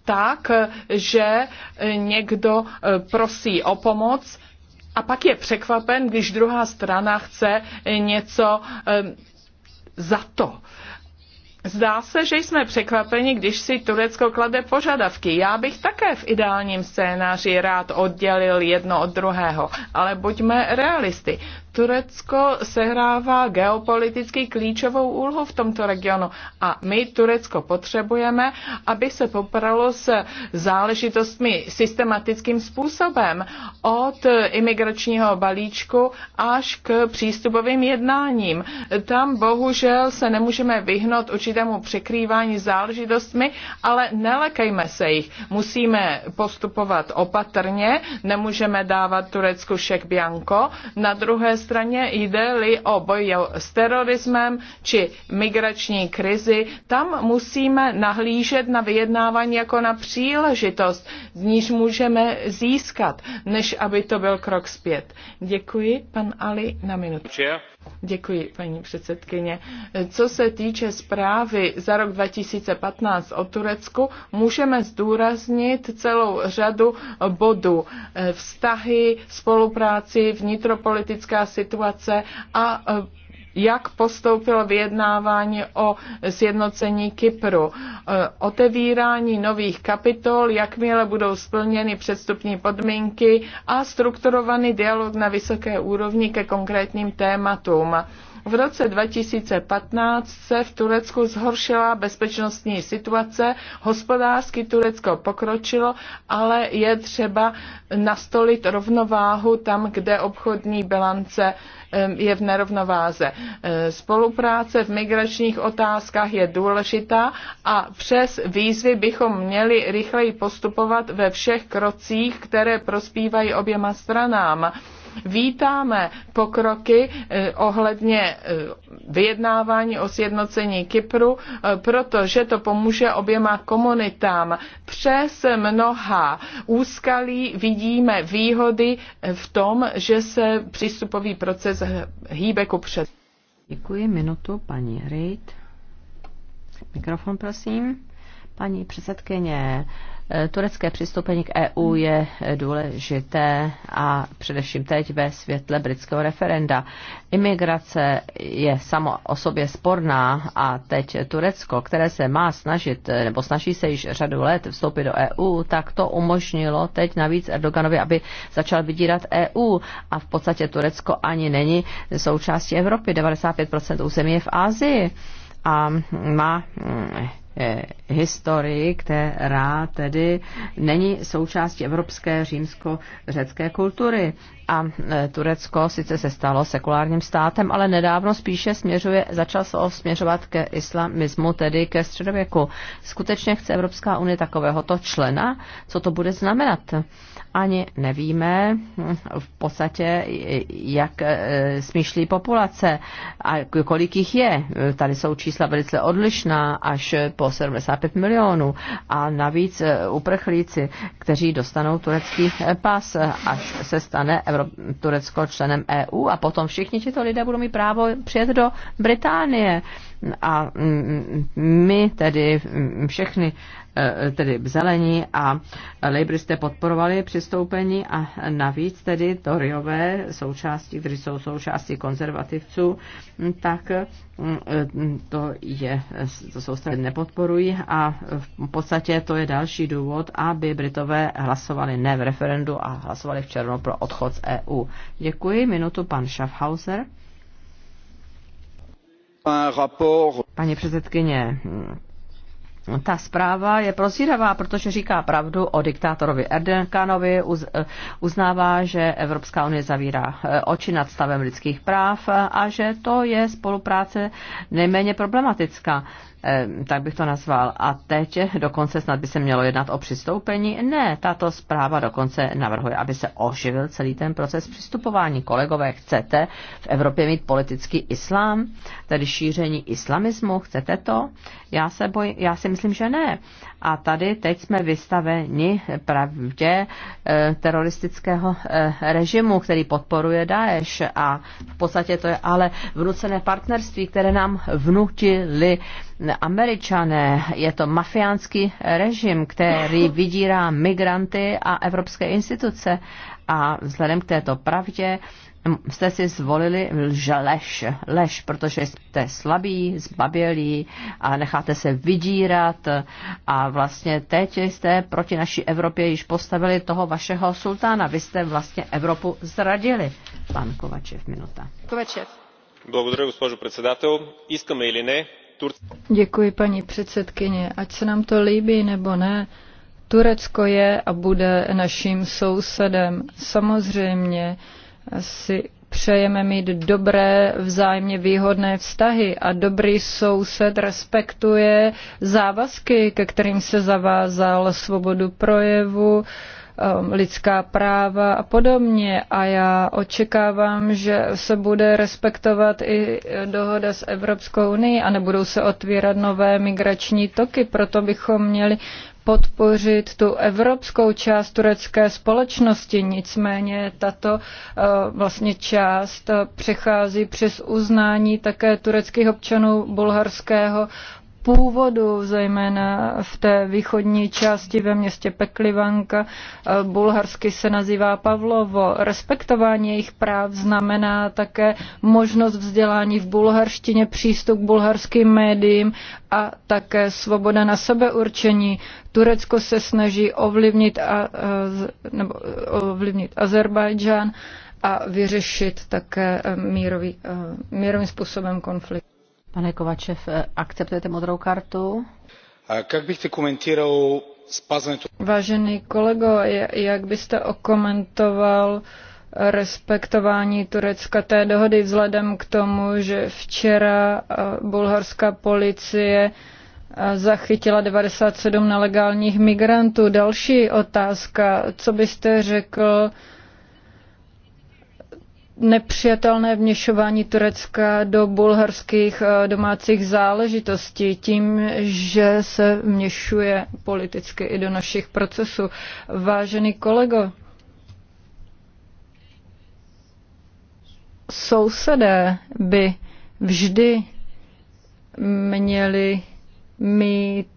tak, že někdo eh, prosí o pomoc a pak je překvapen, když druhá strana chce něco eh, za to. Zdá se, že jsme překvapeni, když si Turecko klade požadavky. Já bych také v ideálním scénáři rád oddělil jedno od druhého, ale buďme realisty. Turecko sehrává geopoliticky klíčovou úlohu v tomto regionu a my Turecko potřebujeme, aby se popralo s záležitostmi systematickým způsobem od imigračního balíčku až k přístupovým jednáním. Tam bohužel se nemůžeme vyhnout určitému překrývání záležitostmi, ale nelekejme se jich. Musíme postupovat opatrně, nemůžeme dávat Turecku šek bianko. Na druhé straně jde-li o boj s terorismem či migrační krizi, tam musíme nahlížet na vyjednávání jako na příležitost, z níž můžeme získat, než aby to byl krok zpět. Děkuji, pan Ali, na minutu. Děkuji, paní předsedkyně. Co se týče zprávy za rok 2015 o Turecku, můžeme zdůraznit celou řadu bodů. Vztahy, spolupráci, vnitropolitická situace a jak postoupilo vyjednávání o sjednocení Kypru. E, otevírání nových kapitol, jakmile budou splněny předstupní podmínky a strukturovaný dialog na vysoké úrovni ke konkrétním tématům. V roce 2015 se v Turecku zhoršila bezpečnostní situace, hospodářsky Turecko pokročilo, ale je třeba nastolit rovnováhu tam, kde obchodní bilance je v nerovnováze. Spolupráce v migračních otázkách je důležitá a přes výzvy bychom měli rychleji postupovat ve všech krocích, které prospívají oběma stranám Vítáme pokroky eh, ohledně eh, vyjednávání o sjednocení Kypru, eh, protože to pomůže oběma komunitám. Přes mnoha úskalí vidíme výhody v tom, že se přístupový proces hýbe ku před. Děkuji, minutu, paní Rejt. Mikrofon, prosím. Paní předsedkyně, Eh, turecké přistoupení k EU je eh, důležité a především teď ve světle britského referenda. Imigrace je samo o sobě sporná a teď Turecko, které se má snažit, eh, nebo snaží se již řadu let vstoupit do EU, tak to umožnilo teď navíc Erdoganovi, aby začal vydírat EU a v podstatě Turecko ani není součástí Evropy. 95% území je v Ázii a má mm, Eh, historii, která tedy není součástí evropské římsko-řecké kultury. A eh, Turecko sice se stalo sekulárním státem, ale nedávno spíše směřuje, se směřovat ke islamismu, tedy ke středověku. Skutečně chce Evropská unie takovéhoto člena? Co to bude znamenat? ani nevíme v podstatě, jak eh, smýšlí populace a kolik jich je. Tady jsou čísla velice odlišná, až po 75 milionů. A navíc eh, uprchlíci, kteří dostanou turecký eh, pas, až se stane Evro- Turecko členem EU a potom všichni tito lidé budou mít právo přijet do Británie. A mm, mm, my tedy mm, všechny E, tedy zelení a Labouristé podporovali přistoupení a navíc tedy Toryové součástí, kteří jsou součástí konzervativců, tak e, to, je, to jsou strany nepodporují a v podstatě to je další důvod, aby Britové hlasovali ne v referendu a hlasovali v červnu pro odchod z EU. Děkuji. Minutu pan Schaffhauser. Paní předsedkyně, ta zpráva je prozíravá, protože říká pravdu o diktátorovi Erdenkanovi, uz, eh, uznává, že Evropská unie zavírá eh, oči nad stavem lidských práv a že to je spolupráce nejméně problematická tak bych to nazval. A teď dokonce snad by se mělo jednat o přistoupení. Ne, tato zpráva dokonce navrhuje, aby se oživil celý ten proces přistupování. Kolegové, chcete v Evropě mít politický islám, tedy šíření islamismu, chcete to? Já, se boj, já si myslím, že ne. A tady teď jsme vystaveni pravdě eh, teroristického eh, režimu, který podporuje Daesh a v podstatě to je ale vnucené partnerství, které nám vnutili Američané. Je to mafiánský režim, který vydírá migranty a evropské instituce. A vzhledem k této pravdě jste si zvolili lež, lež, protože jste slabí, zbabělí a necháte se vydírat a vlastně teď jste proti naší Evropě již postavili toho vašeho sultána. Vy jste vlastně Evropu zradili. Pan Kovačev, minuta. Kovačev. Благодаря, госпожо председател. Искаме или не, Děkuji, paní předsedkyně. Ať se nám to líbí nebo ne, Turecko je a bude naším sousedem. Samozřejmě si přejeme mít dobré, vzájemně výhodné vztahy a dobrý soused respektuje závazky, ke kterým se zavázal svobodu projevu, Um, lidská práva a podobně. A já očekávám, že se bude respektovat i e, dohoda s Evropskou unii a nebudou se otvírat nové migrační toky. Proto bychom měli podpořit tu evropskou část turecké společnosti. Nicméně tato e, vlastně část e, přechází přes uznání také tureckých občanů bulharského původu, zejména v té východní části ve městě Peklivanka, eh, bulharsky se nazývá Pavlovo. Respektování jejich práv znamená také možnost vzdělání v bulharštině, přístup k bulharským médiím a také svoboda na sebeurčení. Turecko se snaží ovlivnit, a, eh, nebo eh, ovlivnit Azerbajdžán a vyřešit také mírový, mírovým způsobem konflikt. Pane Kovačev, eh, akceptujete modrou kartu? jak bych komentoval komentíral Vážený kolego, jak byste okomentoval respektování Turecka té dohody vzhledem k tomu, že včera eh, bulharská policie eh, zachytila 97 nelegálních migrantů. Další otázka, co byste řekl nepřijatelné vněšování Turecka do bulharských eh, domácích záležitostí tím, že se vněšuje politicky i do našich procesů. Vážený kolego, sousedé by vždy měli mít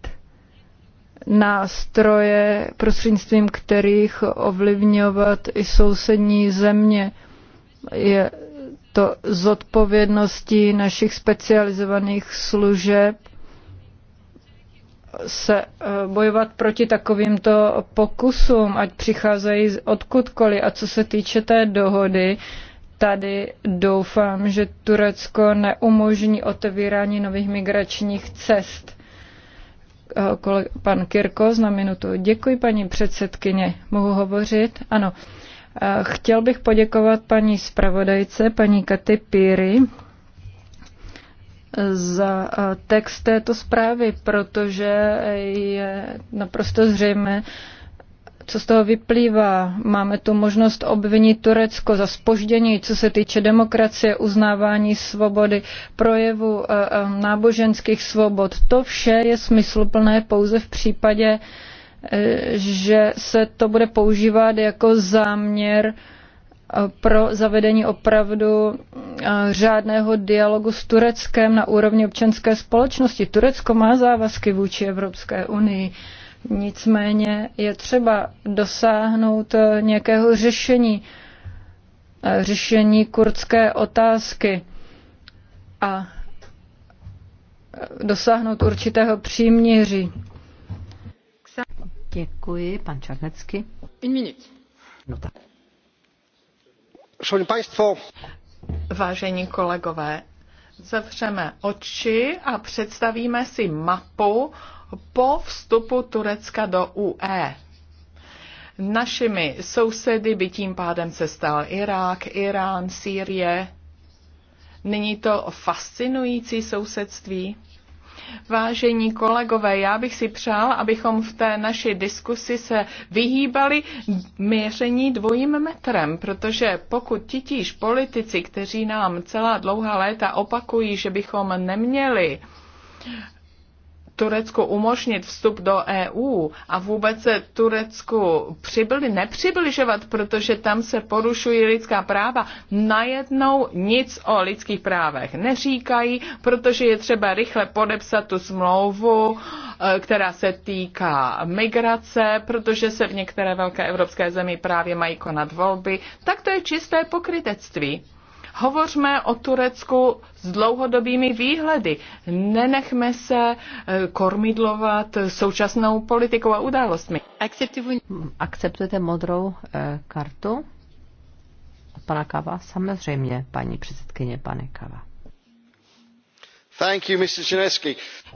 nástroje, prostřednictvím kterých ovlivňovat i sousední země. Je to zodpovědností našich specializovaných služeb se eh, bojovat proti takovýmto pokusům, ať přicházejí odkudkoliv. A co se týče té dohody, tady doufám, že Turecko neumožní otevírání nových migračních cest. Eh, pan Kirkos na minutu. Děkuji, paní předsedkyně. Mohu hovořit? Ano. Chtěl bych poděkovat paní zpravodajce, paní Katy Píry, za eh, text této zprávy, protože je naprosto zřejmé, co z toho vyplývá. Máme tu možnost obvinit Turecko za spoždění, co se týče demokracie, uznávání svobody, projevu eh, eh, náboženských svobod. To vše je smysluplné pouze v případě že se to bude používat jako záměr e, pro zavedení opravdu e, řádného dialogu s Tureckem na úrovni občanské společnosti. Turecko má závazky vůči Evropské unii. Nicméně je třeba dosáhnout e, nějakého řešení, řešení kurdské otázky a dosáhnout určitého příměří. Děkuji, pan Čarnecky. Une minute. No tak. Szanowni Państwo. Vážení kolegové, zavřeme oči a představíme si mapu po vstupu Turecka do UE. Našimi sousedy by tím pádem se stal Irák, Irán, Sýrie. Není to fascinující sousedství? Vážení kolegové, já bych si přál, abychom v té naší diskusi se vyhýbali měření dvojím metrem, protože pokud titíž politici, kteří nám celá dlouhá léta opakují, že bychom neměli Turecku umožnit vstup do EU a vůbec se Turecku přibyli, nepřibližovat, protože tam se porušují lidská práva, najednou nic o lidských právech neříkají, protože je třeba rychle podepsat tu smlouvu, eh, která se týká migrace, protože se v některé velké evropské zemi právě mají konat volby, tak to je čisté pokrytectví. Hovořme o Turecku s dlouhodobými výhledy. Nenechme se eh, kormidlovat současnou politikou a událostmi. Akceptujete modrou eh, kartu? pana Kava? Samozřejmě, paní předsedkyně, pane Kava. You,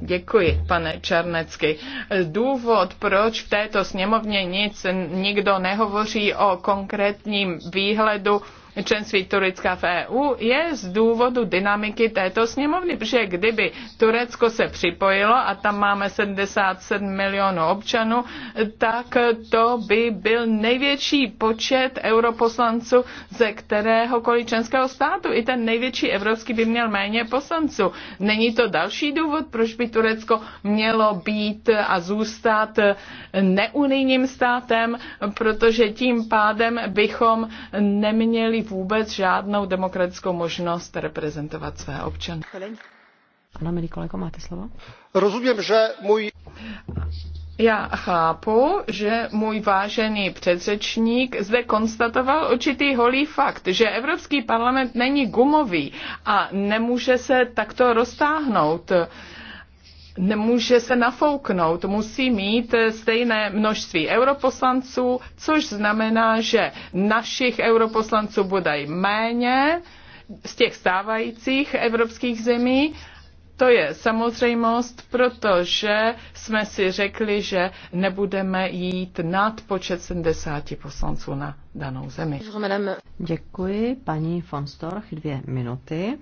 Děkuji, pane Černecky. Důvod, proč v této sněmovně nic nikdo nehovoří o konkrétním výhledu členství Turecka v EU je z důvodu dynamiky této sněmovny, protože kdyby Turecko se připojilo a tam máme 77 milionů občanů, tak to by byl největší počet europoslanců ze kteréhokoliv členského státu. I ten největší evropský by měl méně poslanců. Není to další důvod, proč by Turecko mělo být a zůstat neunijním státem, protože tím pádem bychom neměli vůbec žádnou demokratickou možnost reprezentovat své občany. Ano, milí kolego, máte slovo? Rozumím, že můj... Já chápu, že můj vážený předřečník zde konstatoval určitý holý fakt, že Evropský parlament není gumový a nemůže se takto roztáhnout nemůže se nafouknout, musí mít stejné množství europoslanců, což znamená, že našich europoslanců bude méně z těch stávajících evropských zemí. To je samozřejmost, protože jsme si řekli, že nebudeme jít nad počet 70 poslanců na danou zemi. Děkuji, paní von Storch, dvě minuty.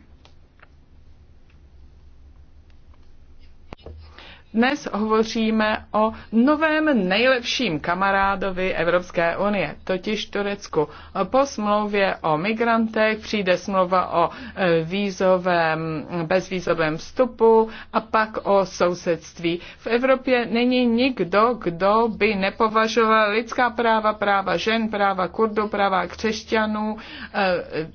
Dnes hovoříme o novém nejlepším kamarádovi Evropské unie, totiž Turecku. Po smlouvě o migrantech přijde smlouva o e, vízovém, bezvízovém vstupu a pak o sousedství. V Evropě není nikdo, kdo by nepovažoval lidská práva, práva žen, práva kurdů, práva křesťanů, e,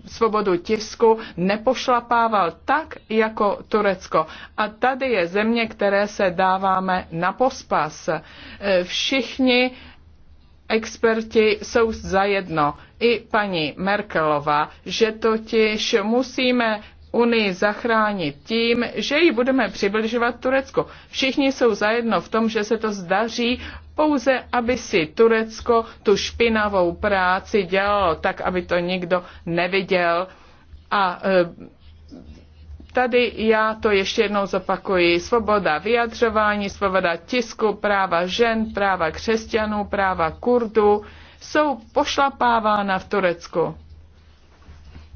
svobodu tisku, nepošlapával tak jako Turecko. A tady je země, které se dá dáváme na pospas. E, všichni experti jsou zajedno, i paní Merkelová, že totiž musíme Unii zachránit tím, že ji budeme přibližovat Turecku. Všichni jsou zajedno v tom, že se to zdaří pouze, aby si Turecko tu špinavou práci dělalo tak, aby to nikdo neviděl a e, tady já to ještě jednou zopakuji. Svoboda vyjadřování, svoboda tisku, práva žen, práva křesťanů, práva kurdů jsou pošlapávána v Turecku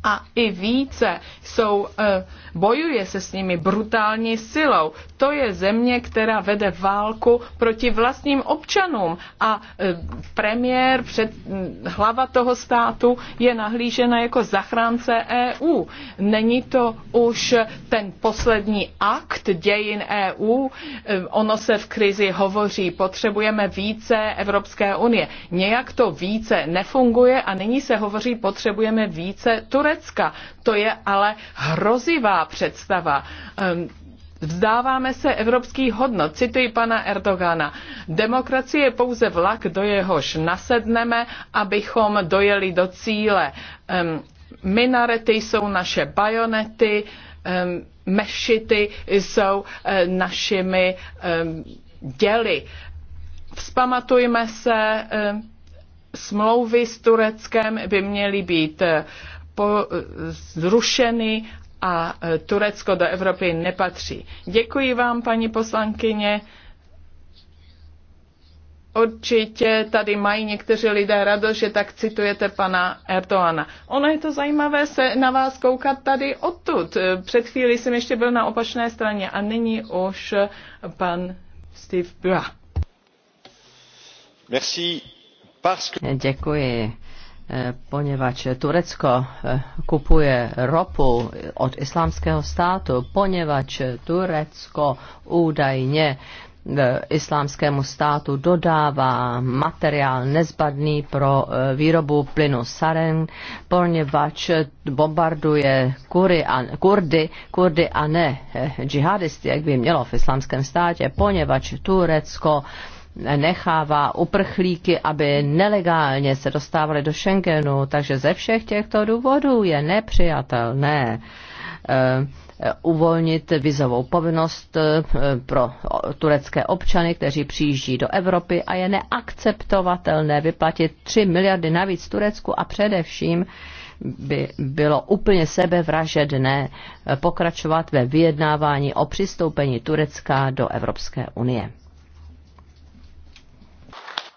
a i více jsou, eh, bojuje se s nimi brutální silou. To je země, která vede válku proti vlastním občanům a eh, premiér, před, hm, hlava toho státu je nahlížena jako zachránce EU. Není to už ten poslední akt dějin EU, eh, ono se v krizi hovoří, potřebujeme více Evropské unie. Nějak to více nefunguje a nyní se hovoří, potřebujeme více Turecké Švédska. To je ale hrozivá představa. Ehm, vzdáváme se evropských hodnot, cituji pana Erdogana. Demokracie je pouze vlak, do jehož nasedneme, abychom dojeli do cíle. Ehm, minarety jsou naše bajonety, ehm, mešity jsou eh, našimi děly. Vzpamatujme se, smlouvy s Tureckem by měly být eh, po, zrušeny a e, Turecko do Evropy nepatří. Děkuji vám, paní poslankyně. Určitě tady mají někteří lidé rado, že tak citujete pana Erdoana. Ono je to zajímavé se na vás koukat tady odtud. E, před chvílí jsem ještě byl na opačné straně a nyní už pan Steve Bua. Merci. Děkuji Eh, poněvadž Turecko eh, kupuje ropu od islámského státu, poněvadž Turecko údajně eh, islámskému státu dodává materiál nezbadný pro výrobu plynu saren, poněvadž bombarduje kury a, kurdy, kurdy a ne džihadisty, jak by mělo v islámském státě, poněvadž Turecko eh, nechává uprchlíky, aby nelegálně se dostávali do Schengenu. Takže ze všech těchto důvodů je nepřijatelné eh, uvolnit vizovou povinnost eh, pro turecké občany, kteří přijíždí do Evropy a je neakceptovatelné vyplatit 3 miliardy navíc Turecku a především by bylo úplně sebevražedné eh, pokračovat ve vyjednávání o přistoupení Turecka do Evropské unie.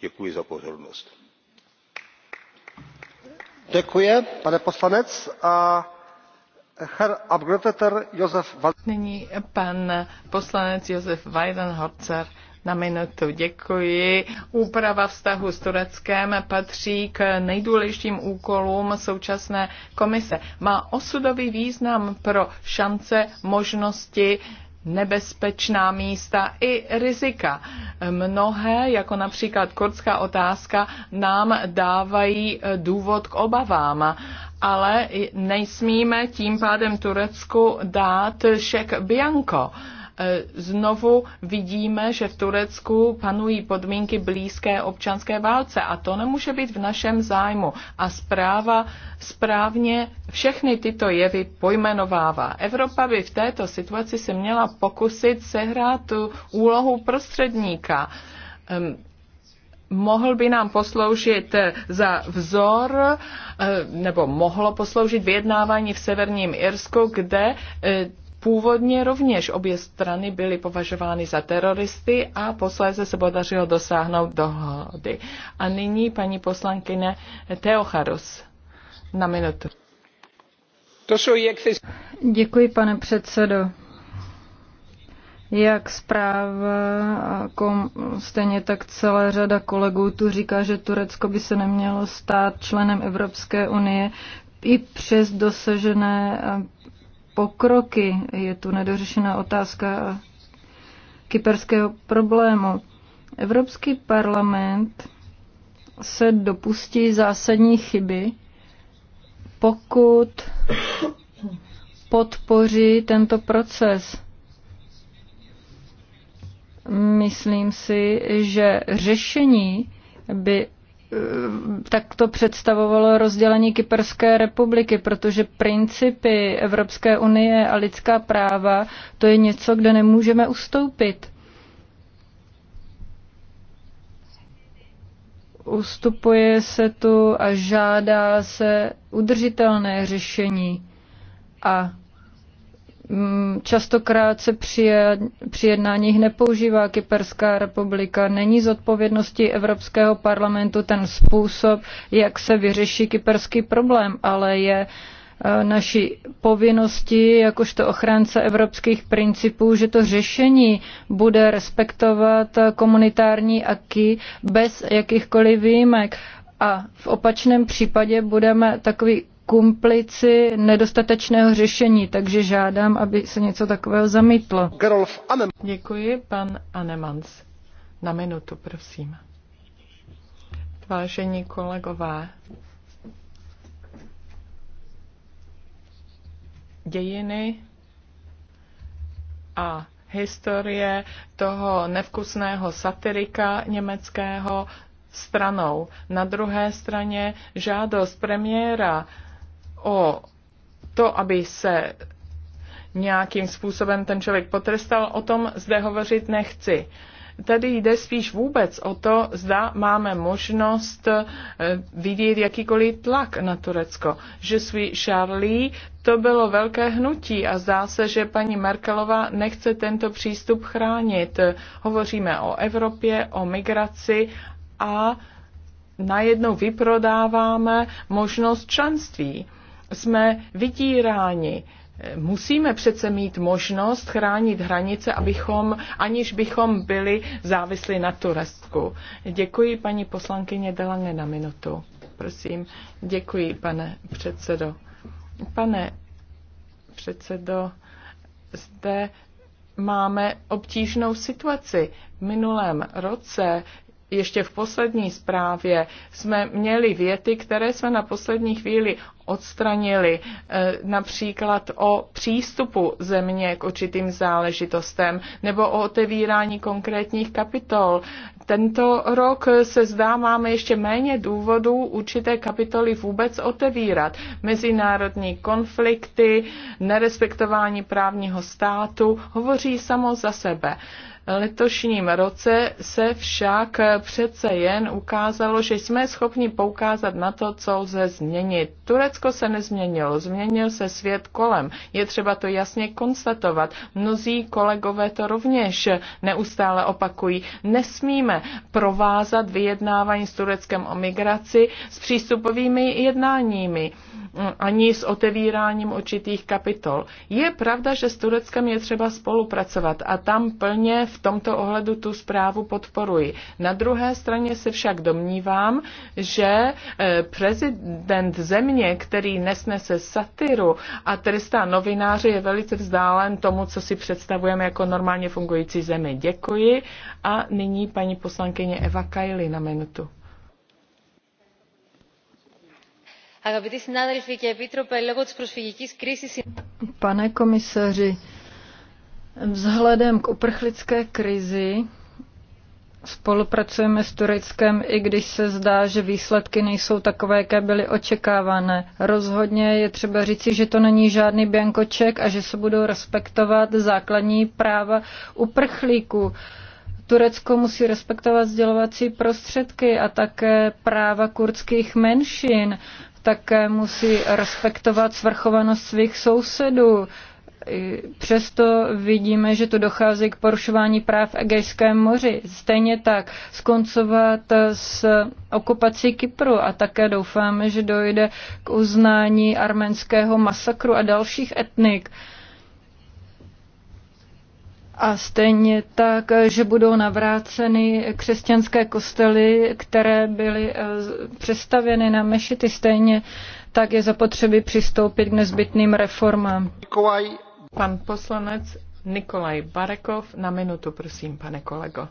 děkuji za pozornost. Děkuji, pane poslanec. A... poslanec na Děkuji. Úprava vztahů s Tureckem patří k nejdůležitějším úkolům současné komise. Má osudový význam pro šance, možnosti, nebezpečná místa i rizika. Mnohé, jako například kurdská otázka, nám dávají eh, důvod k obavám, ale nesmíme tím pádem Turecku dát šek bianco. E, znovu vidíme, že v Turecku panují podmínky blízké občanské válce a to nemůže být v našem zájmu. A zpráva správně všechny tyto jevy pojmenovává. Evropa by v této situaci se měla pokusit sehrát tu úlohu prostředníka mohl by nám posloužit za vzor, e, nebo mohlo posloužit vyjednávání v Severním Irsku, kde e, Původně rovněž obě strany byly považovány za teroristy a posléze se podařilo dosáhnout dohody. A nyní paní poslankyně Teocharus na minutu. Děkuji, pane předsedo. Jak zpráva, a kom, stejně tak celá řada kolegů tu říká, že Turecko by se nemělo stát členem Evropské unie i přes dosažené pokroky. Je tu nedořešená otázka kyperského problému. Evropský parlament se dopustí zásadní chyby, pokud podpoří tento proces. Myslím si, že řešení by Eh, tak to představovalo rozdělení Kyperské republiky, protože principy Evropské unie a lidská práva, to je něco, kde nemůžeme ustoupit. Ustupuje se tu a žádá se udržitelné řešení. A Mm, častokrát se při jednáních nepoužívá Kyperská republika. Není z odpovědnosti Evropského parlamentu ten způsob, jak se vyřeší kyperský problém, ale je e, naší povinnosti jakožto ochránce evropských principů, že to řešení bude respektovat komunitární aky bez jakýchkoliv výjimek. A v opačném případě budeme takový kumplici nedostatečného řešení, takže žádám, aby se něco takového zamítlo. Děkuji, pan Anemans. Na minutu, prosím. Vážení kolegové, dějiny a historie toho nevkusného satirika německého stranou. Na druhé straně žádost premiéra o to, aby se nějakým způsobem ten člověk potrestal, o tom zde hovořit nechci. Tady jde spíš vůbec o to, zda máme možnost eh, vidět jakýkoliv tlak na Turecko. Že svý Charlie to bylo velké hnutí a zdá se, že paní Merkelová nechce tento přístup chránit. Hovoříme o Evropě, o migraci a najednou vyprodáváme možnost členství jsme vytíráni. Musíme přece mít možnost chránit hranice, abychom, aniž bychom byli závislí na Turecku. Děkuji paní poslankyně Delange na minutu. Prosím, děkuji, pane předsedo. Pane předsedo, zde máme obtížnou situaci. V minulém roce ještě v poslední zprávě jsme měli věty, které jsme na poslední chvíli odstranili, eh, například o přístupu země k určitým záležitostem nebo o otevírání konkrétních kapitol. Tento rok se zdá, máme ještě méně důvodů určité kapitoly vůbec otevírat. Mezinárodní konflikty, nerespektování právního státu hovoří samo za sebe letošním roce se však přece jen ukázalo, že jsme schopni poukázat na to, co lze změnit. Turecko se nezměnilo, změnil se svět kolem. Je třeba to jasně konstatovat. Mnozí kolegové to rovněž neustále opakují. Nesmíme provázat vyjednávání s Tureckem o migraci s přístupovými jednáními ani s otevíráním určitých kapitol. Je pravda, že s Tureckem je třeba spolupracovat a tam plně v tomto ohledu tu zprávu podporuji. Na druhé straně se však domnívám, že eh, prezident země, který nesnese satiru a trestá novináře, je velice vzdálen tomu, co si představujeme jako normálně fungující zemi. Děkuji a nyní paní poslankyně Eva Kajli na minutu. Pane komisaři, Vzhledem k uprchlické krizi spolupracujeme s Tureckem, i když se zdá, že výsledky nejsou takové, jaké byly očekávané. Rozhodně je třeba říci, že to není žádný biankoček a že se budou respektovat základní práva uprchlíků. Turecko musí respektovat sdělovací prostředky a také práva kurdských menšin. Také musí respektovat svrchovanost svých sousedů. Přesto vidíme, že to dochází k porušování práv Egejském moři. Stejně tak skoncovat s okupací Kypru a také doufáme, že dojde k uznání arménského masakru a dalších etnik. A stejně tak, že budou navráceny křesťanské kostely, které byly eh, přestavěny na mešity. Stejně tak je zapotřebí přistoupit k nezbytným reformám. Pan poslanec Nikolaj Barekov na minutu, prosím, pane kolego.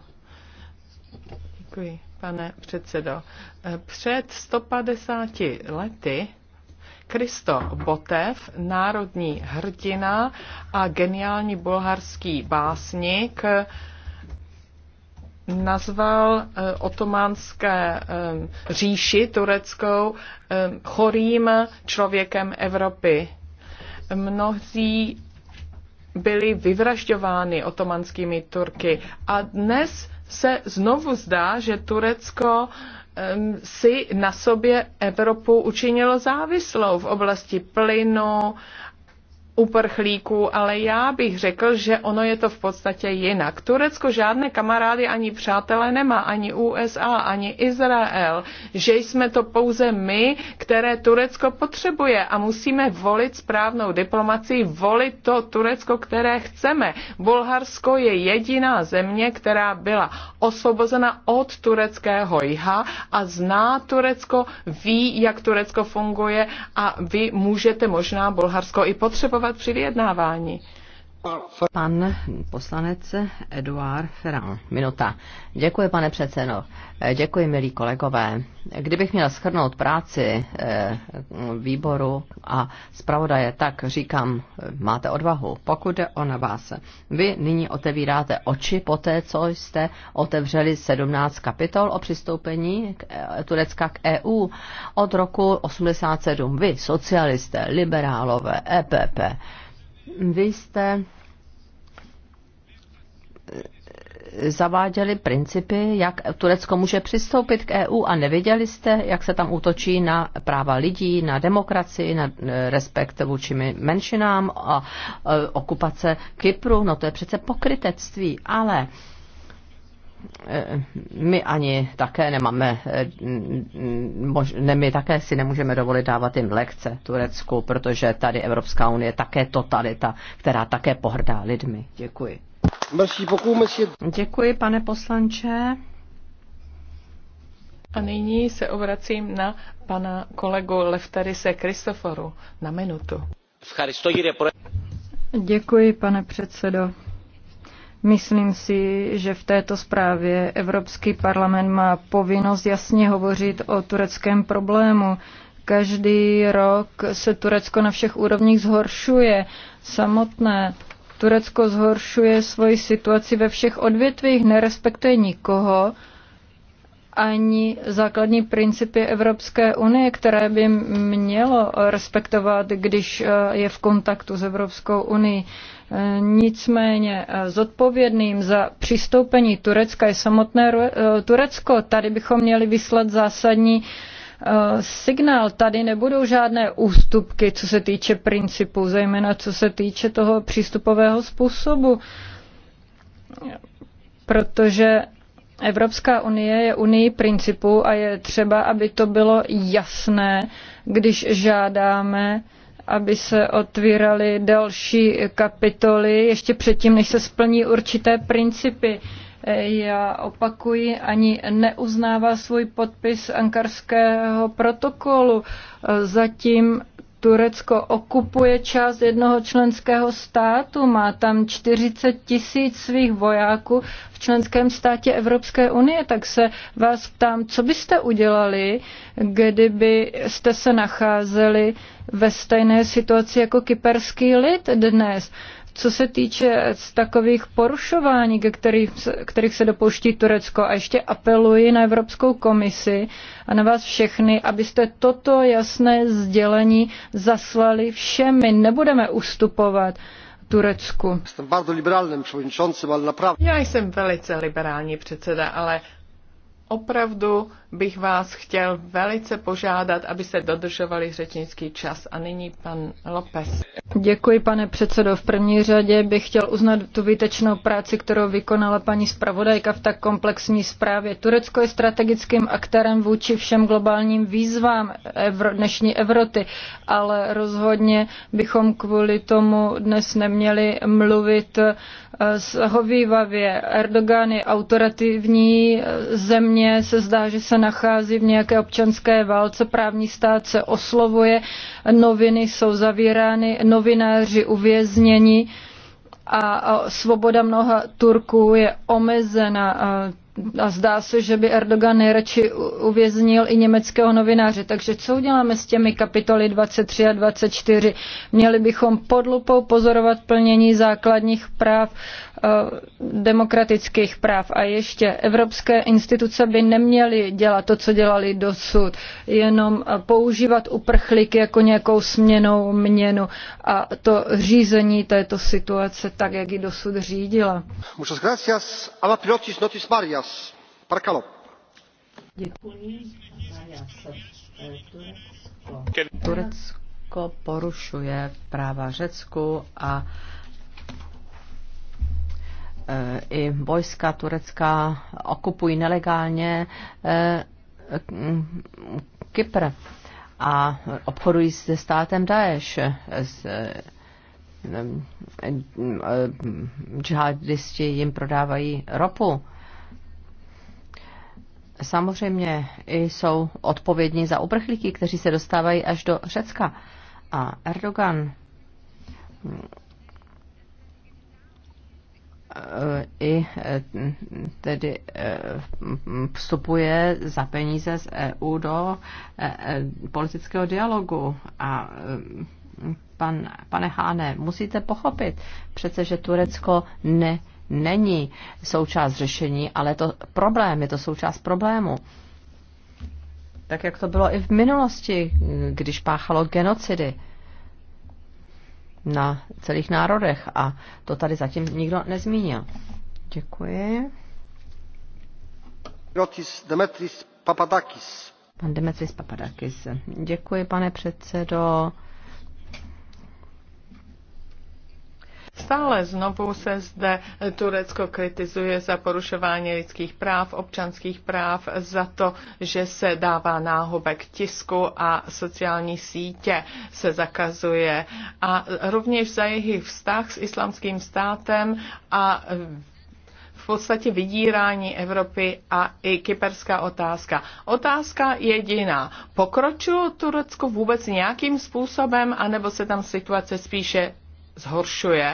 Děkuji, pane předsedo. Před 150 lety Kristo Botev, národní hrdina a geniální bulharský básník, nazval eh, otománské eh, říši tureckou eh, chorým člověkem Evropy. Mnozí byly vyvražďovány otomanskými Turky. A dnes se znovu zdá, že Turecko si na sobě Evropu učinilo závislou v oblasti plynu uprchlíků, ale já bych řekl, že ono je to v podstatě jinak. Turecko žádné kamarády ani přátelé nemá, ani USA, ani Izrael, že jsme to pouze my, které Turecko potřebuje a musíme volit správnou diplomaci, volit to Turecko, které chceme. Bulharsko je jediná země, která byla osvobozena od tureckého jha a zná Turecko, ví, jak Turecko funguje a vy můžete možná Bulharsko i potřebovat pokračovat při vyjednávání. Pan poslanec Eduard Ferran, minuta. Děkuji, pane předsedo. Eh, děkuji, milí kolegové. Kdybych měl schrnout práci eh, výboru a zpravodaje, tak říkám, eh, máte odvahu. Pokud jde o na vás, vy nyní otevíráte oči po té, co jste otevřeli 17 kapitol o přistoupení k, Turecka k EU od roku 87. Vy, socialisté, liberálové, EPP, vy jste eh, zaváděli principy, jak Turecko může přistoupit k EU a neviděli jste, jak se tam útočí na práva lidí, na demokracii, na eh, respekt vůči menšinám a eh, okupace Kypru. No to je přece pokrytectví, ale my ani také nemáme, ne, my také si nemůžeme dovolit dávat jim lekce Turecku, protože tady Evropská unie je také totalita, která také pohrdá lidmi. Děkuji. Děkuji, pane poslanče. A nyní se obracím na pana kolegu Leftarise Kristoforu na minutu. Děkuji, pane předsedo. Myslím si, že v této zprávě Evropský parlament má povinnost jasně hovořit o tureckém problému. Každý rok se Turecko na všech úrovních zhoršuje. Samotné Turecko zhoršuje svoji situaci ve všech odvětvích, nerespektuje nikoho ani základní principy Evropské unie, které by mělo respektovat, když eh, je v kontaktu s Evropskou unii. Eh, nicméně eh, zodpovědným za přistoupení Turecka je samotné Turecko. Tady bychom měli vyslat zásadní signál. Tady nebudou žádné ústupky, co se týče principu, zejména co se týče toho přístupového způsobu protože Evropská unie je unii principu a je třeba, aby to bylo jasné, když žádáme, aby se otvíraly další kapitoly ještě předtím, než se splní určité principy. Já opakuji, ani neuznává svůj podpis ankarského protokolu. Zatím Turecko okupuje část jednoho členského státu, má tam 40 tisíc svých vojáků v členském státě Evropské unie, tak se vás ptám, co byste udělali, kdyby jste se nacházeli ve stejné situaci jako kyperský lid dnes? Co se týče z takových porušování, ke kterých, kterých se dopouští Turecko, a ještě apeluji na Evropskou komisi a na vás všechny, abyste toto jasné sdělení zaslali všemi. Nebudeme ustupovat. Turecku. Já jsem velice liberální předseda, ale opravdu bych vás chtěl velice požádat, aby se dodržovali řečnický čas. A nyní pan López. Děkuji, pane předsedo. V první řadě bych chtěl uznat tu výtečnou práci, kterou vykonala paní zpravodajka v tak komplexní zprávě. Turecko je strategickým aktérem vůči všem globálním výzvám evro, dnešní Evropy, ale rozhodně bychom kvůli tomu dnes neměli mluvit s eh, hovývavě. Erdogan je autorativní eh, země, se zdá, že se nachází v nějaké občanské válce, právní stát se oslovuje, noviny jsou zavírány, novináři uvězněni a svoboda mnoha Turků je omezena. A zdá se, že by Erdogan nejradši uvěznil i německého novináře. Takže co uděláme s těmi kapitoly 23 a 24? Měli bychom pod lupou pozorovat plnění základních práv Eh, demokratických práv. A ještě evropské instituce by neměly dělat to, co dělali dosud, jenom eh, používat uprchlíky jako nějakou směnou měnu a to řízení této situace tak, jak ji dosud řídila. Muchas gracias. A la pilotis notis Marias. Parkalo. Děkuji. Turecko porušuje práva Řecku a Eh, i vojska turecká okupují nelegálně eh, Kypr a obchodují se státem Daesh, s eh, džihadisti jim prodávají ropu. Samozřejmě jsou odpovědní za uprchlíky, kteří se dostávají až do Řecka. A Erdogan Eh, i eh, tedy eh, vstupuje za peníze z EU do politického dialogu. A pan, pane Háne, musíte pochopit přece, že Turecko ne, není součást řešení, ale to problém, je to součást problému. Tak jak to bylo i v minulosti, když páchalo genocidy na celých národech a to tady zatím nikdo nezmínil. Děkuji. Notis Demetris Papadakis. Pan Demetris Papadakis. Děkuji, pane předsedo. Stále znovu se zde Turecko kritizuje za porušování lidských práv, občanských práv, za to, že se dává náhobek tisku a sociální sítě se zakazuje. A rovněž za jejich vztah s islamským státem a v podstatě vydírání Evropy a i kyperská otázka. Otázka jediná. Pokročilo Turecko vůbec nějakým způsobem, anebo se tam situace spíše zhoršuje.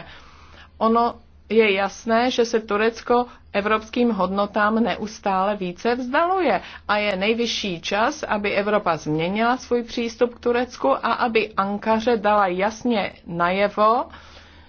Ono je jasné, že se Turecko evropským hodnotám neustále více vzdaluje a je nejvyšší čas, aby Evropa změnila svůj přístup k Turecku a aby Ankaře dala jasně najevo,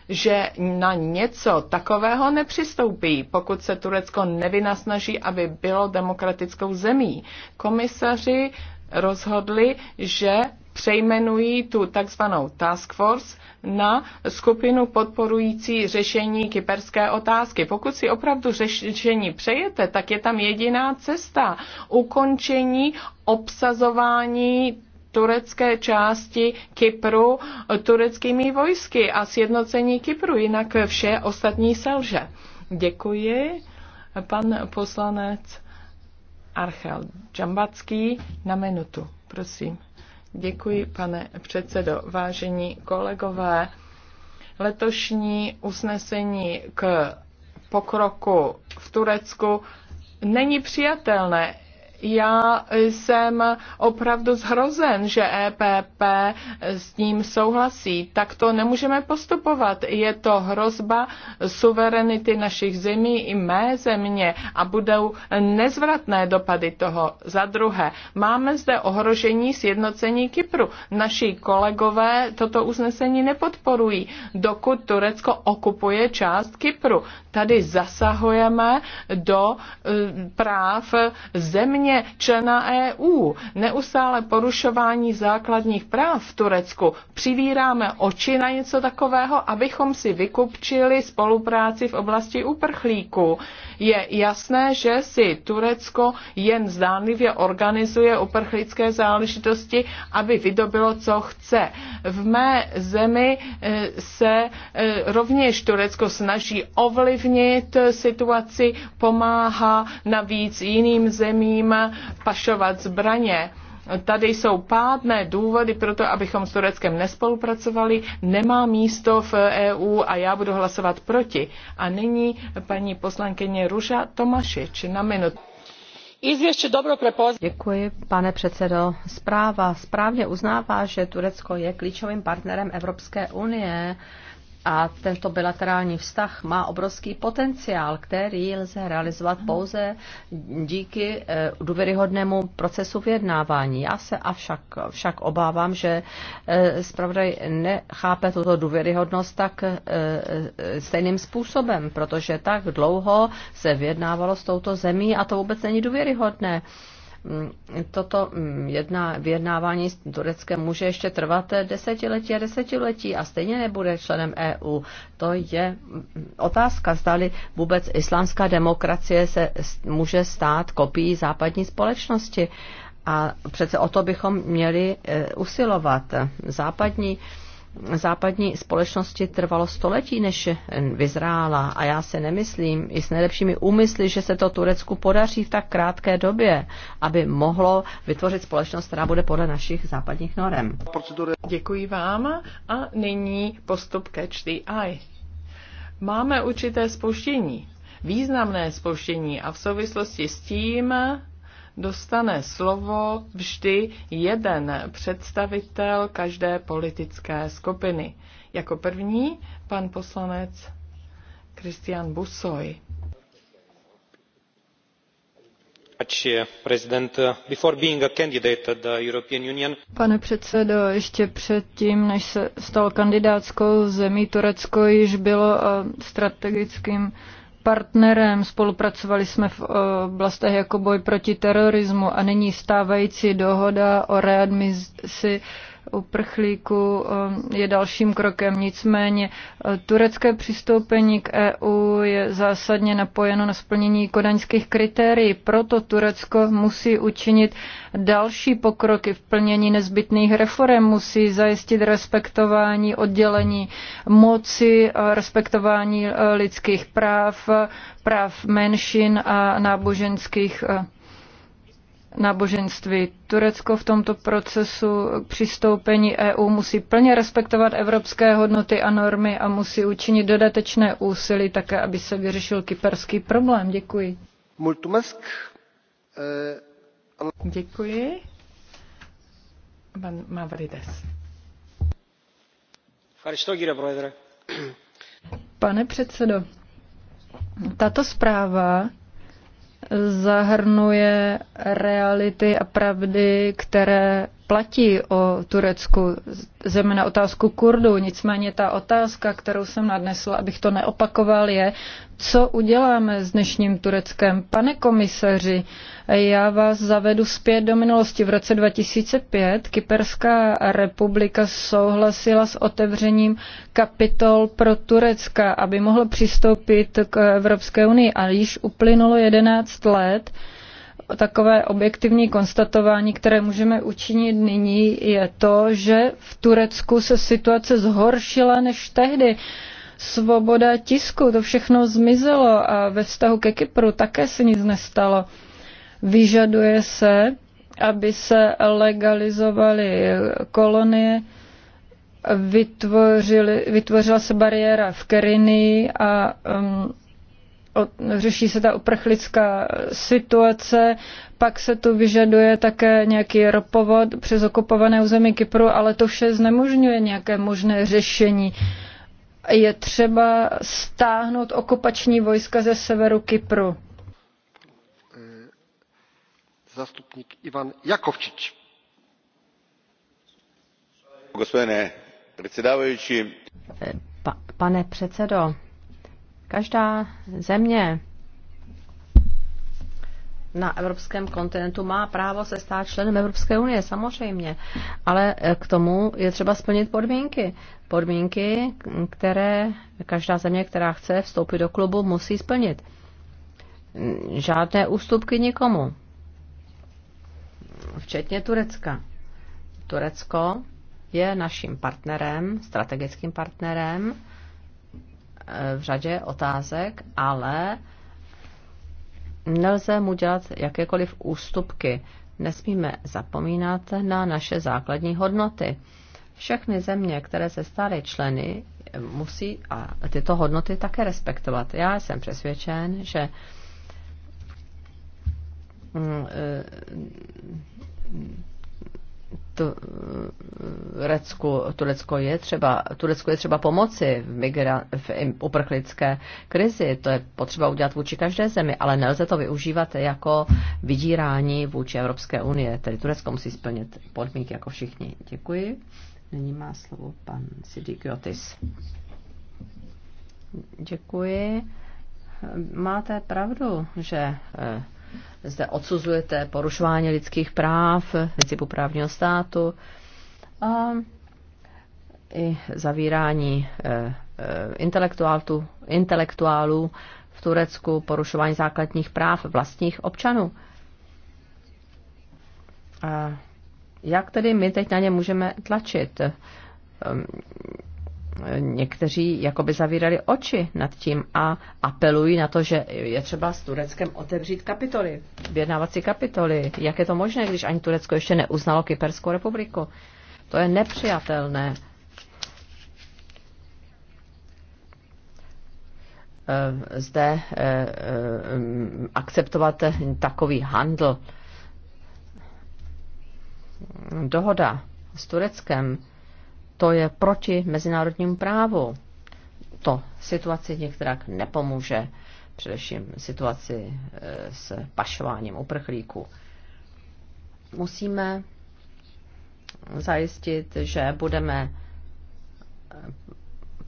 že na něco takového nepřistoupí, pokud se Turecko nevynasnaží, aby bylo demokratickou zemí. Komisaři rozhodli, že přejmenují tu takzvanou task force na skupinu podporující řešení kyperské otázky. Pokud si opravdu řešení přejete, tak je tam jediná cesta ukončení obsazování turecké části Kypru tureckými vojsky a sjednocení Kypru, jinak vše ostatní selže. Děkuji. Pan poslanec Archel Čambacký, na minutu, prosím. Děkuji, pane předsedo. Vážení kolegové, letošní usnesení k pokroku v Turecku není přijatelné já jsem opravdu zhrozen, že EPP s ním souhlasí. Tak to nemůžeme postupovat. Je to hrozba suverenity našich zemí i mé země a budou nezvratné dopady toho. Za druhé, máme zde ohrožení sjednocení Kypru. Naši kolegové toto usnesení nepodporují, dokud Turecko okupuje část Kypru. Tady zasahujeme do eh, práv země země člena EU, neustále porušování základních práv v Turecku, přivíráme oči na něco takového, abychom si vykupčili spolupráci v oblasti uprchlíků. Je jasné, že si Turecko jen zdánlivě organizuje uprchlické záležitosti, aby vydobilo, co chce. V mé zemi e, se e, rovněž Turecko snaží ovlivnit situaci, pomáhá navíc jiným zemím lidem pašovat zbraně. Tady jsou pádné důvody pro to, abychom s Tureckem nespolupracovali. Nemá místo v EU a já budu hlasovat proti. A nyní paní poslankyně Ruža Tomašič na minutu. Izvěště dobro prepozná. Děkuji, pane předsedo. Zpráva správně uznává, že Turecko je klíčovým partnerem Evropské unie a tento bilaterální vztah má obrovský potenciál, který lze realizovat pouze díky eh, důvěryhodnému procesu vyjednávání. Já se avšak však obávám, že eh, zpravodaj nechápe tuto důvěryhodnost tak eh, stejným způsobem, protože tak dlouho se vyjednávalo s touto zemí a to vůbec není důvěryhodné. Mm, toto mm, jedna, vyjednávání s Tureckem může ještě trvat eh, desetiletí a desetiletí a stejně nebude členem EU. To je mm, otázka, zdali vůbec islámská demokracie se může stát kopií západní společnosti. A přece o to bychom měli eh, usilovat. Západní západní společnosti trvalo století, než vyzrála a já si nemyslím i s nejlepšími úmysly, že se to Turecku podaří v tak krátké době, aby mohlo vytvořit společnost, která bude podle našich západních norem. Děkuji vám a nyní postup Catch the Eye. Máme určité spouštění, významné spouštění a v souvislosti s tím dostane slovo vždy jeden představitel každé politické skupiny. Jako první pan poslanec Kristian Busoj. Pane předsedo, ještě předtím, než se stal kandidátskou zemí, Turecko již bylo eh, strategickým partnerem, spolupracovali jsme v eh, oblastech jako boj proti terorismu a nyní stávající dohoda o readmisi uprchlíků eh, je dalším krokem. Nicméně eh, turecké přistoupení k EU je zásadně napojeno na splnění kodaňských kritérií, proto Turecko musí učinit další pokroky v plnění nezbytných reform, musí zajistit respektování oddělení moci, eh, respektování lidských práv, práv menšin a náboženských náboženství. Turecko v tomto procesu k přistoupení EU musí plně respektovat evropské hodnoty a normy a musí učinit dodatečné úsilí také, aby se vyřešil kyperský problém. Děkuji. Eh, Děkuji. Pan Mavrides. Pane předsedo, tato zpráva zahrnuje reality a pravdy, které platí o Turecku, zejména otázku Kurdů. Nicméně ta otázka, kterou jsem nadnesla, abych to neopakoval, je, co uděláme s dnešním Tureckem. Pane komisaři, já vás zavedu zpět do minulosti. V roce 2005 Kyperská republika souhlasila s otevřením kapitol pro Turecka, aby mohlo přistoupit k Evropské unii. A již uplynulo 11 let takové objektivní konstatování, které můžeme učinit nyní, je to, že v Turecku se situace zhoršila než tehdy. Svoboda tisku, to všechno zmizelo a ve vztahu ke Kypru také se nic nestalo. Vyžaduje se, aby se legalizovaly kolonie, vytvořila se bariéra v Kerinii a um, řeší se ta uprchlická situace, pak se tu vyžaduje také nějaký ropovod přes okupované území Kypru, ale to vše znemožňuje nějaké možné řešení. Je třeba stáhnout okupační vojska ze severu Kypru. Eh, zastupník Ivan Jakovčič. Gospodine předsedající. Eh, pa, pane předsedo, Každá země na evropském kontinentu má právo se stát členem Evropské unie, samozřejmě. Ale eh, k tomu je třeba splnit podmínky. Podmínky, které každá země, která chce vstoupit do klubu, musí splnit. Žádné ústupky nikomu. Včetně Turecka. Turecko je naším partnerem, strategickým partnerem v řadě otázek, ale nelze mu dělat jakékoliv ústupky. Nesmíme zapomínat na naše základní hodnoty. Všechny země, které se staly členy, musí a tyto hodnoty také respektovat. Já jsem přesvědčen, že mm, e, Turecku, eh, Turecko je třeba, Turecku je třeba pomoci v, migra, v uprchlické krizi. To je potřeba udělat vůči každé zemi, ale nelze to využívat jako vydírání vůči Evropské unie. Tedy Turecko musí splnit podmínky jako všichni. Děkuji. Nyní má slovo pan Jotis. Děkuji. Máte pravdu, že eh, zde odsuzujete porušování lidských práv, principu právního státu a i zavírání eh, eh, intelektuálů, intelektuálů v Turecku, porušování základních práv vlastních občanů. A jak tedy my teď na ně můžeme tlačit? Ehm, někteří jakoby zavírali oči nad tím a apelují na to, že je třeba s Tureckem otevřít kapitoly, vyjednávací kapitoly. Jak je to možné, když ani Turecko ještě neuznalo Kyperskou republiku? To je nepřijatelné. Eh, zde eh, eh, akceptovat takový handl. Dohoda s Tureckem to je proti mezinárodnímu právu. To situaci některak nepomůže, především situaci e, s pašováním uprchlíků. Musíme zajistit, že budeme e,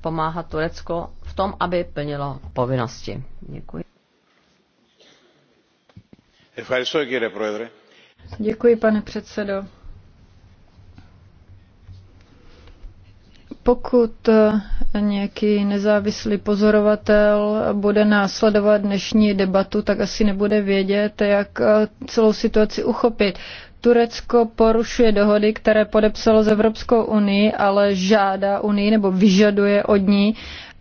pomáhat Turecko v tom, aby plnilo povinnosti. Děkuji. Děkuji, pane předsedo. Pokud eh, nějaký nezávislý pozorovatel bude následovat dnešní debatu, tak asi nebude vědět, jak eh, celou situaci uchopit. Turecko porušuje dohody, které podepsalo s Evropskou unii, ale žádá unii nebo vyžaduje od ní,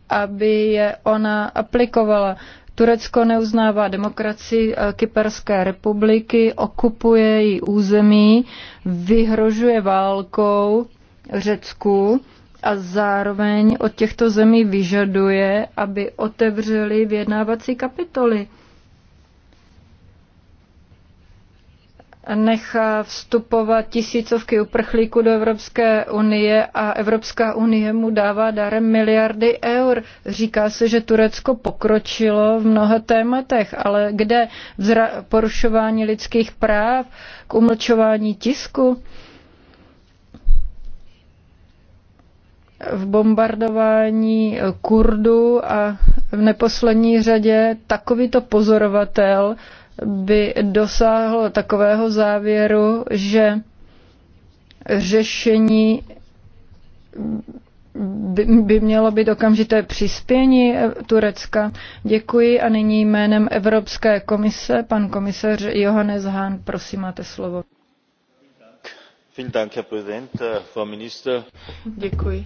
aby je ona aplikovala. Turecko neuznává demokracii eh, Kyperské republiky, okupuje její území, vyhrožuje válkou Řecku a zároveň od těchto zemí vyžaduje, aby otevřeli vyjednávací kapitoly. nechá vstupovat tisícovky uprchlíků do Evropské unie a Evropská unie mu dává darem miliardy eur. Říká se, že Turecko pokročilo v mnoha tématech, ale kde? Vzra- porušování lidských práv, k umlčování tisku? v bombardování kurdu a v neposlední řadě takovýto pozorovatel by dosáhl takového závěru, že řešení by, by mělo být okamžité přispění Turecka. Děkuji a nyní jménem Evropské komise pan komisař Johannes Hahn, prosím, máte slovo. Děkuji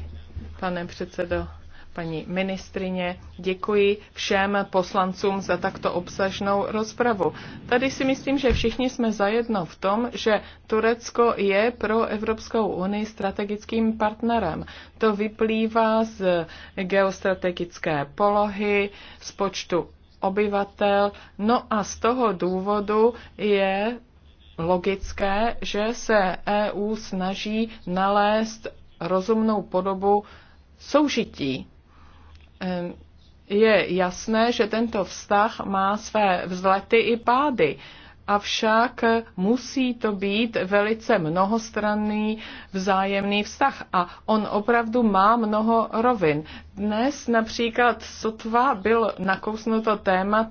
pane předsedo, paní ministrině. Děkuji všem poslancům za takto obsažnou rozpravu. Tady si myslím, že všichni jsme zajedno v tom, že Turecko je pro Evropskou unii strategickým partnerem. To vyplývá z geostrategické polohy, z počtu obyvatel. No a z toho důvodu je logické, že se EU snaží nalézt rozumnou podobu soužití. Je jasné, že tento vztah má své vzlety i pády, avšak musí to být velice mnohostranný vzájemný vztah a on opravdu má mnoho rovin. Dnes například sotva byl nakousnuto téma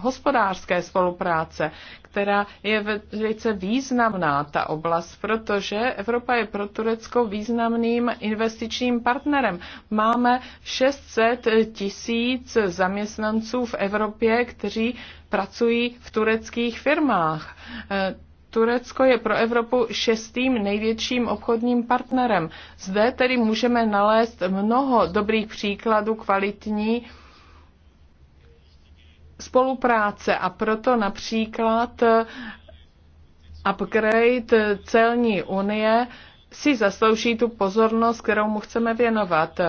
hospodářské spolupráce, která je velice významná, ta oblast, protože Evropa je pro Turecko významným investičním partnerem. Máme 600 tisíc zaměstnanců v Evropě, kteří pracují v tureckých firmách. E, Turecko je pro Evropu šestým největším obchodním partnerem. Zde tedy můžeme nalézt mnoho dobrých příkladů kvalitní spolupráce a proto například eh, upgrade celní unie si zaslouží tu pozornost, kterou mu chceme věnovat.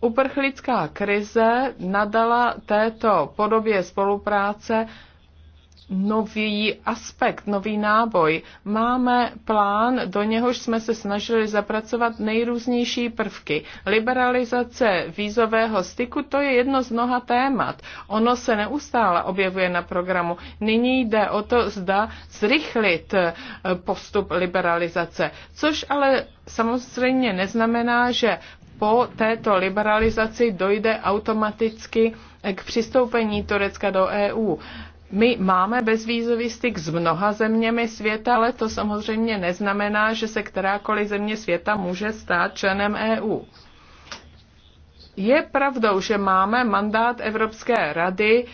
Uprchlická krize nadala této podobě spolupráce nový aspekt, nový náboj. Máme plán, do něhož jsme se snažili zapracovat nejrůznější prvky. Liberalizace vízového styku, to je jedno z mnoha témat. Ono se neustále objevuje na programu. Nyní jde o to, zda zrychlit eh, postup liberalizace, což ale samozřejmě neznamená, že po této liberalizaci dojde automaticky k přistoupení Turecka do EU. My máme bezvýzový styk s mnoha zeměmi světa, ale to samozřejmě neznamená, že se kterákoliv země světa může stát členem EU. Je pravdou, že máme mandát Evropské rady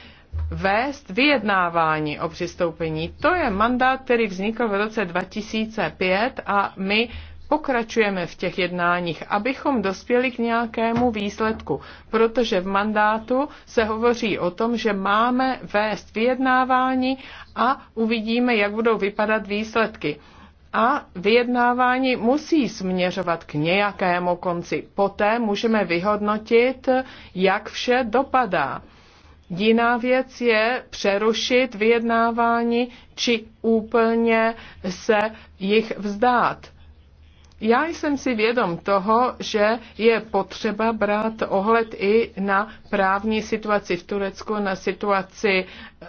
vést vyjednávání o přistoupení. To je mandát, který vznikl v roce 2005 a my pokračujeme v těch jednáních, abychom dospěli k nějakému výsledku, protože v mandátu se hovoří o tom, že máme vést vyjednávání a uvidíme, jak budou vypadat výsledky. A vyjednávání musí směřovat k nějakému konci. Poté můžeme vyhodnotit, jak vše dopadá. Jiná věc je přerušit vyjednávání či úplně se jich vzdát já jsem si vědom toho, že je potřeba brát ohled i na právní situaci v Turecku, na situaci eh,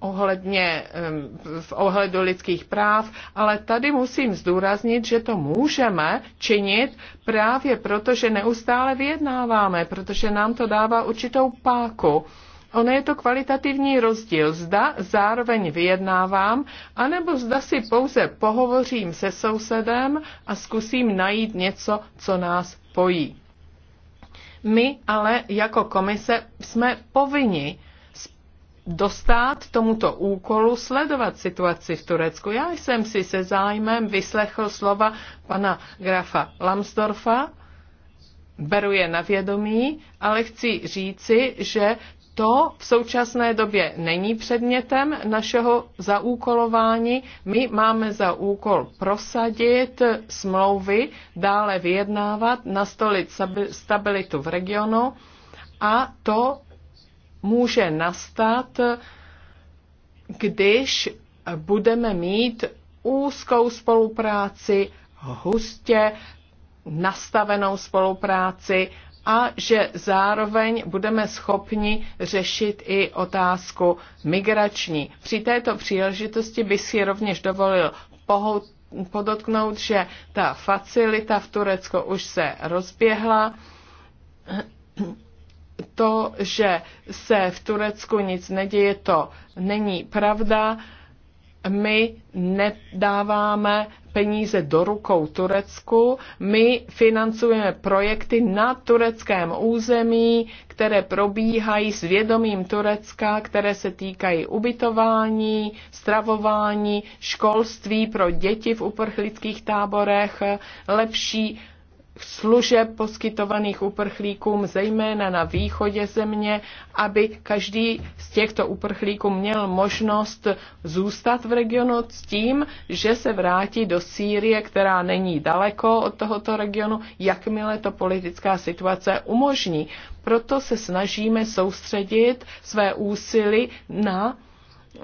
ohledně, eh, v ohledu lidských práv, ale tady musím zdůraznit, že to můžeme činit právě proto, že neustále vyjednáváme, protože nám to dává určitou páku Ono je to kvalitativní rozdíl. Zda zároveň vyjednávám, anebo zda si pouze pohovořím se sousedem a zkusím najít něco, co nás pojí. My ale jako komise jsme povinni dostat tomuto úkolu sledovat situaci v Turecku. Já jsem si se zájmem vyslechl slova pana grafa Lambsdorfa, beru je na vědomí, ale chci říci, že to v současné době není předmětem našeho zaúkolování. My máme za úkol prosadit smlouvy, dále vyjednávat, nastolit stabilitu v regionu a to může nastat, když budeme mít úzkou spolupráci, hustě nastavenou spolupráci a že zároveň budeme schopni řešit i otázku migrační. Při této příležitosti by si rovněž dovolil pohout podotknout, že ta facilita v Turecku už se rozběhla. To, že se v Turecku nic neděje, to není pravda my nedáváme peníze do rukou Turecku, my financujeme projekty na tureckém území, které probíhají s vědomím Turecka, které se týkají ubytování, stravování, školství pro děti v uprchlických táborech, lepší služeb poskytovaných uprchlíkům, zejména na východě země, aby každý z těchto uprchlíků měl možnost zůstat v regionu s tím, že se vrátí do Sýrie, která není daleko od tohoto regionu, jakmile to politická situace umožní. Proto se snažíme soustředit své úsilí na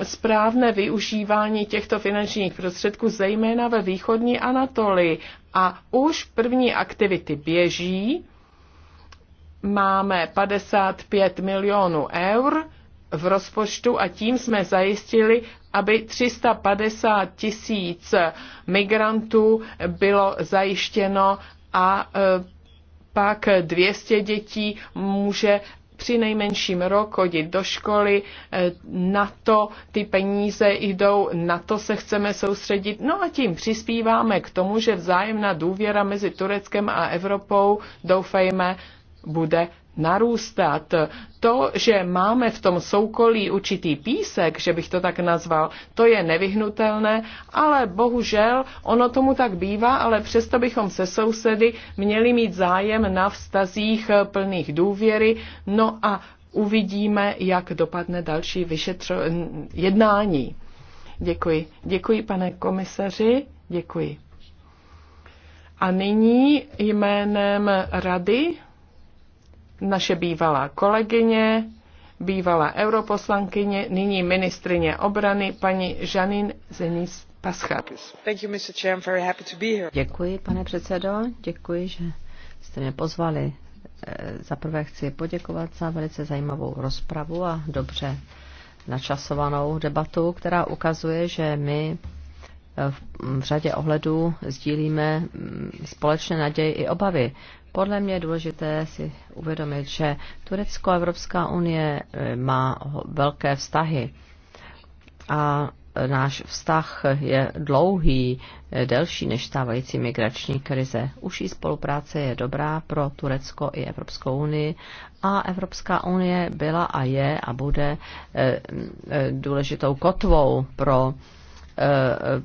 správné využívání těchto finančních prostředků, zejména ve východní Anatolii, a už první aktivity běží. Máme 55 milionů eur v rozpočtu a tím jsme zajistili, aby 350 tisíc migrantů bylo zajištěno a e, pak 200 dětí může při nejmenším rok chodit do školy, eh, na to ty peníze jdou, na to se chceme soustředit. No a tím přispíváme k tomu, že vzájemná důvěra mezi Tureckem a Evropou, doufejme, bude narůstat. To, že máme v tom soukolí určitý písek, že bych to tak nazval, to je nevyhnutelné, ale bohužel ono tomu tak bývá, ale přesto bychom se sousedy měli mít zájem na vztazích plných důvěry. No a uvidíme, jak dopadne další vyšetřo... jednání. Děkuji. Děkuji, pane komisaři. Děkuji. A nyní jménem Rady naše bývalá kolegyně, bývalá europoslankyně, nyní ministrině obrany, paní Janine Zenis Paschakis. Děkuji, pane předsedo, děkuji, že jste mě pozvali. Eh, za prvé chci poděkovat za velice zajímavou rozpravu a dobře načasovanou debatu, která ukazuje, že my v řadě ohledů sdílíme mm, společné naději i obavy. Podle mě je důležité si uvědomit, že Turecko a Evropská unie eh, má velké vztahy a eh, náš vztah je dlouhý, eh, delší než stávající migrační krize. Užší spolupráce je dobrá pro Turecko i Evropskou unii a Evropská unie byla a je a bude důležitou kotvou pro Eh, eh,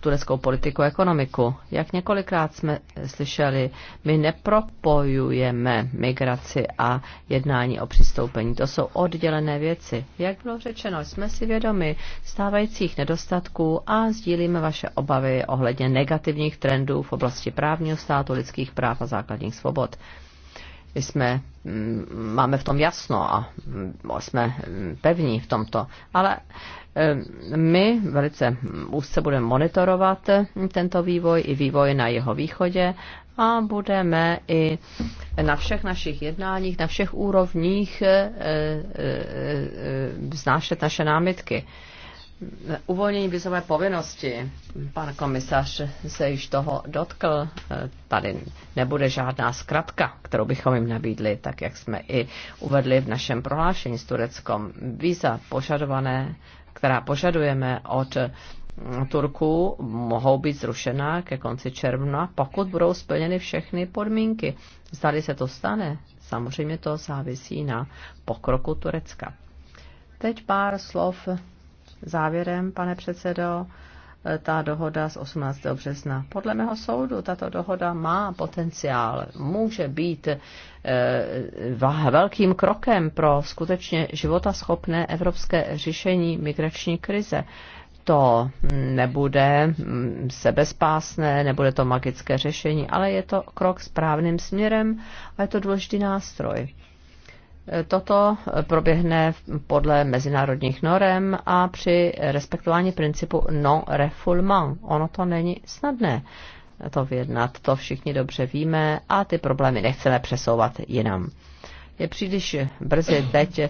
tureckou politiku a ekonomiku. Jak několikrát jsme slyšeli, my nepropojujeme migraci a jednání o přistoupení. To jsou oddělené věci. Jak bylo řečeno, jsme si vědomi stávajících nedostatků a sdílíme vaše obavy ohledně negativních trendů v oblasti právního státu, lidských práv a základních svobod. My jsme, mm, máme v tom jasno a mm, jsme mm, pevní v tomto. Ale my velice úzce budeme monitorovat tento vývoj i vývoj na jeho východě a budeme i na všech našich jednáních, na všech úrovních e, e, e, vznášet naše námitky. Uvolnění vizové povinnosti. Pan komisař se již toho dotkl. Tady nebude žádná zkratka, kterou bychom jim nabídli, tak jak jsme i uvedli v našem prohlášení s Tureckom. Víza požadované která požadujeme od mm, Turků mohou být zrušena ke konci června, pokud budou splněny všechny podmínky. Zdali se to stane, samozřejmě to závisí na pokroku Turecka. Teď pár slov závěrem, pane předsedo, ta dohoda z 18. března. Podle mého soudu tato dohoda má potenciál, může být eh, velkým krokem pro skutečně životaschopné evropské řešení migrační krize to nebude mm, sebespásné, nebude to magické řešení, ale je to krok správným směrem a je to důležitý nástroj. Toto proběhne podle mezinárodních norem a při respektování principu non-refoulement. Ono to není snadné to vyjednat, to všichni dobře víme a ty problémy nechceme přesouvat jinam. Je příliš brzy teď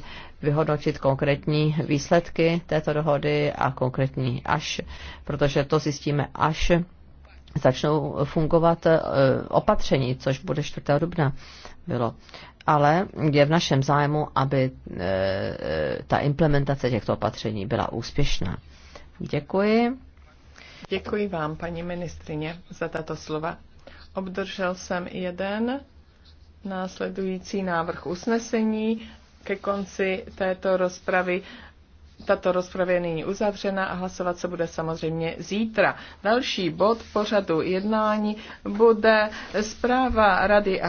vyhodnotit konkrétní výsledky této dohody a konkrétní až, protože to zjistíme až začnou fungovat eh, opatření, což bude 4. dubna bylo ale je v našem zájmu, aby e, e, ta implementace těchto opatření byla úspěšná. Děkuji. Děkuji vám, paní ministrině, za tato slova. Obdržel jsem jeden následující návrh usnesení ke konci této rozpravy. Tato rozprava je nyní uzavřena a hlasovat se bude samozřejmě zítra. Další bod pořadu jednání bude zpráva Rady a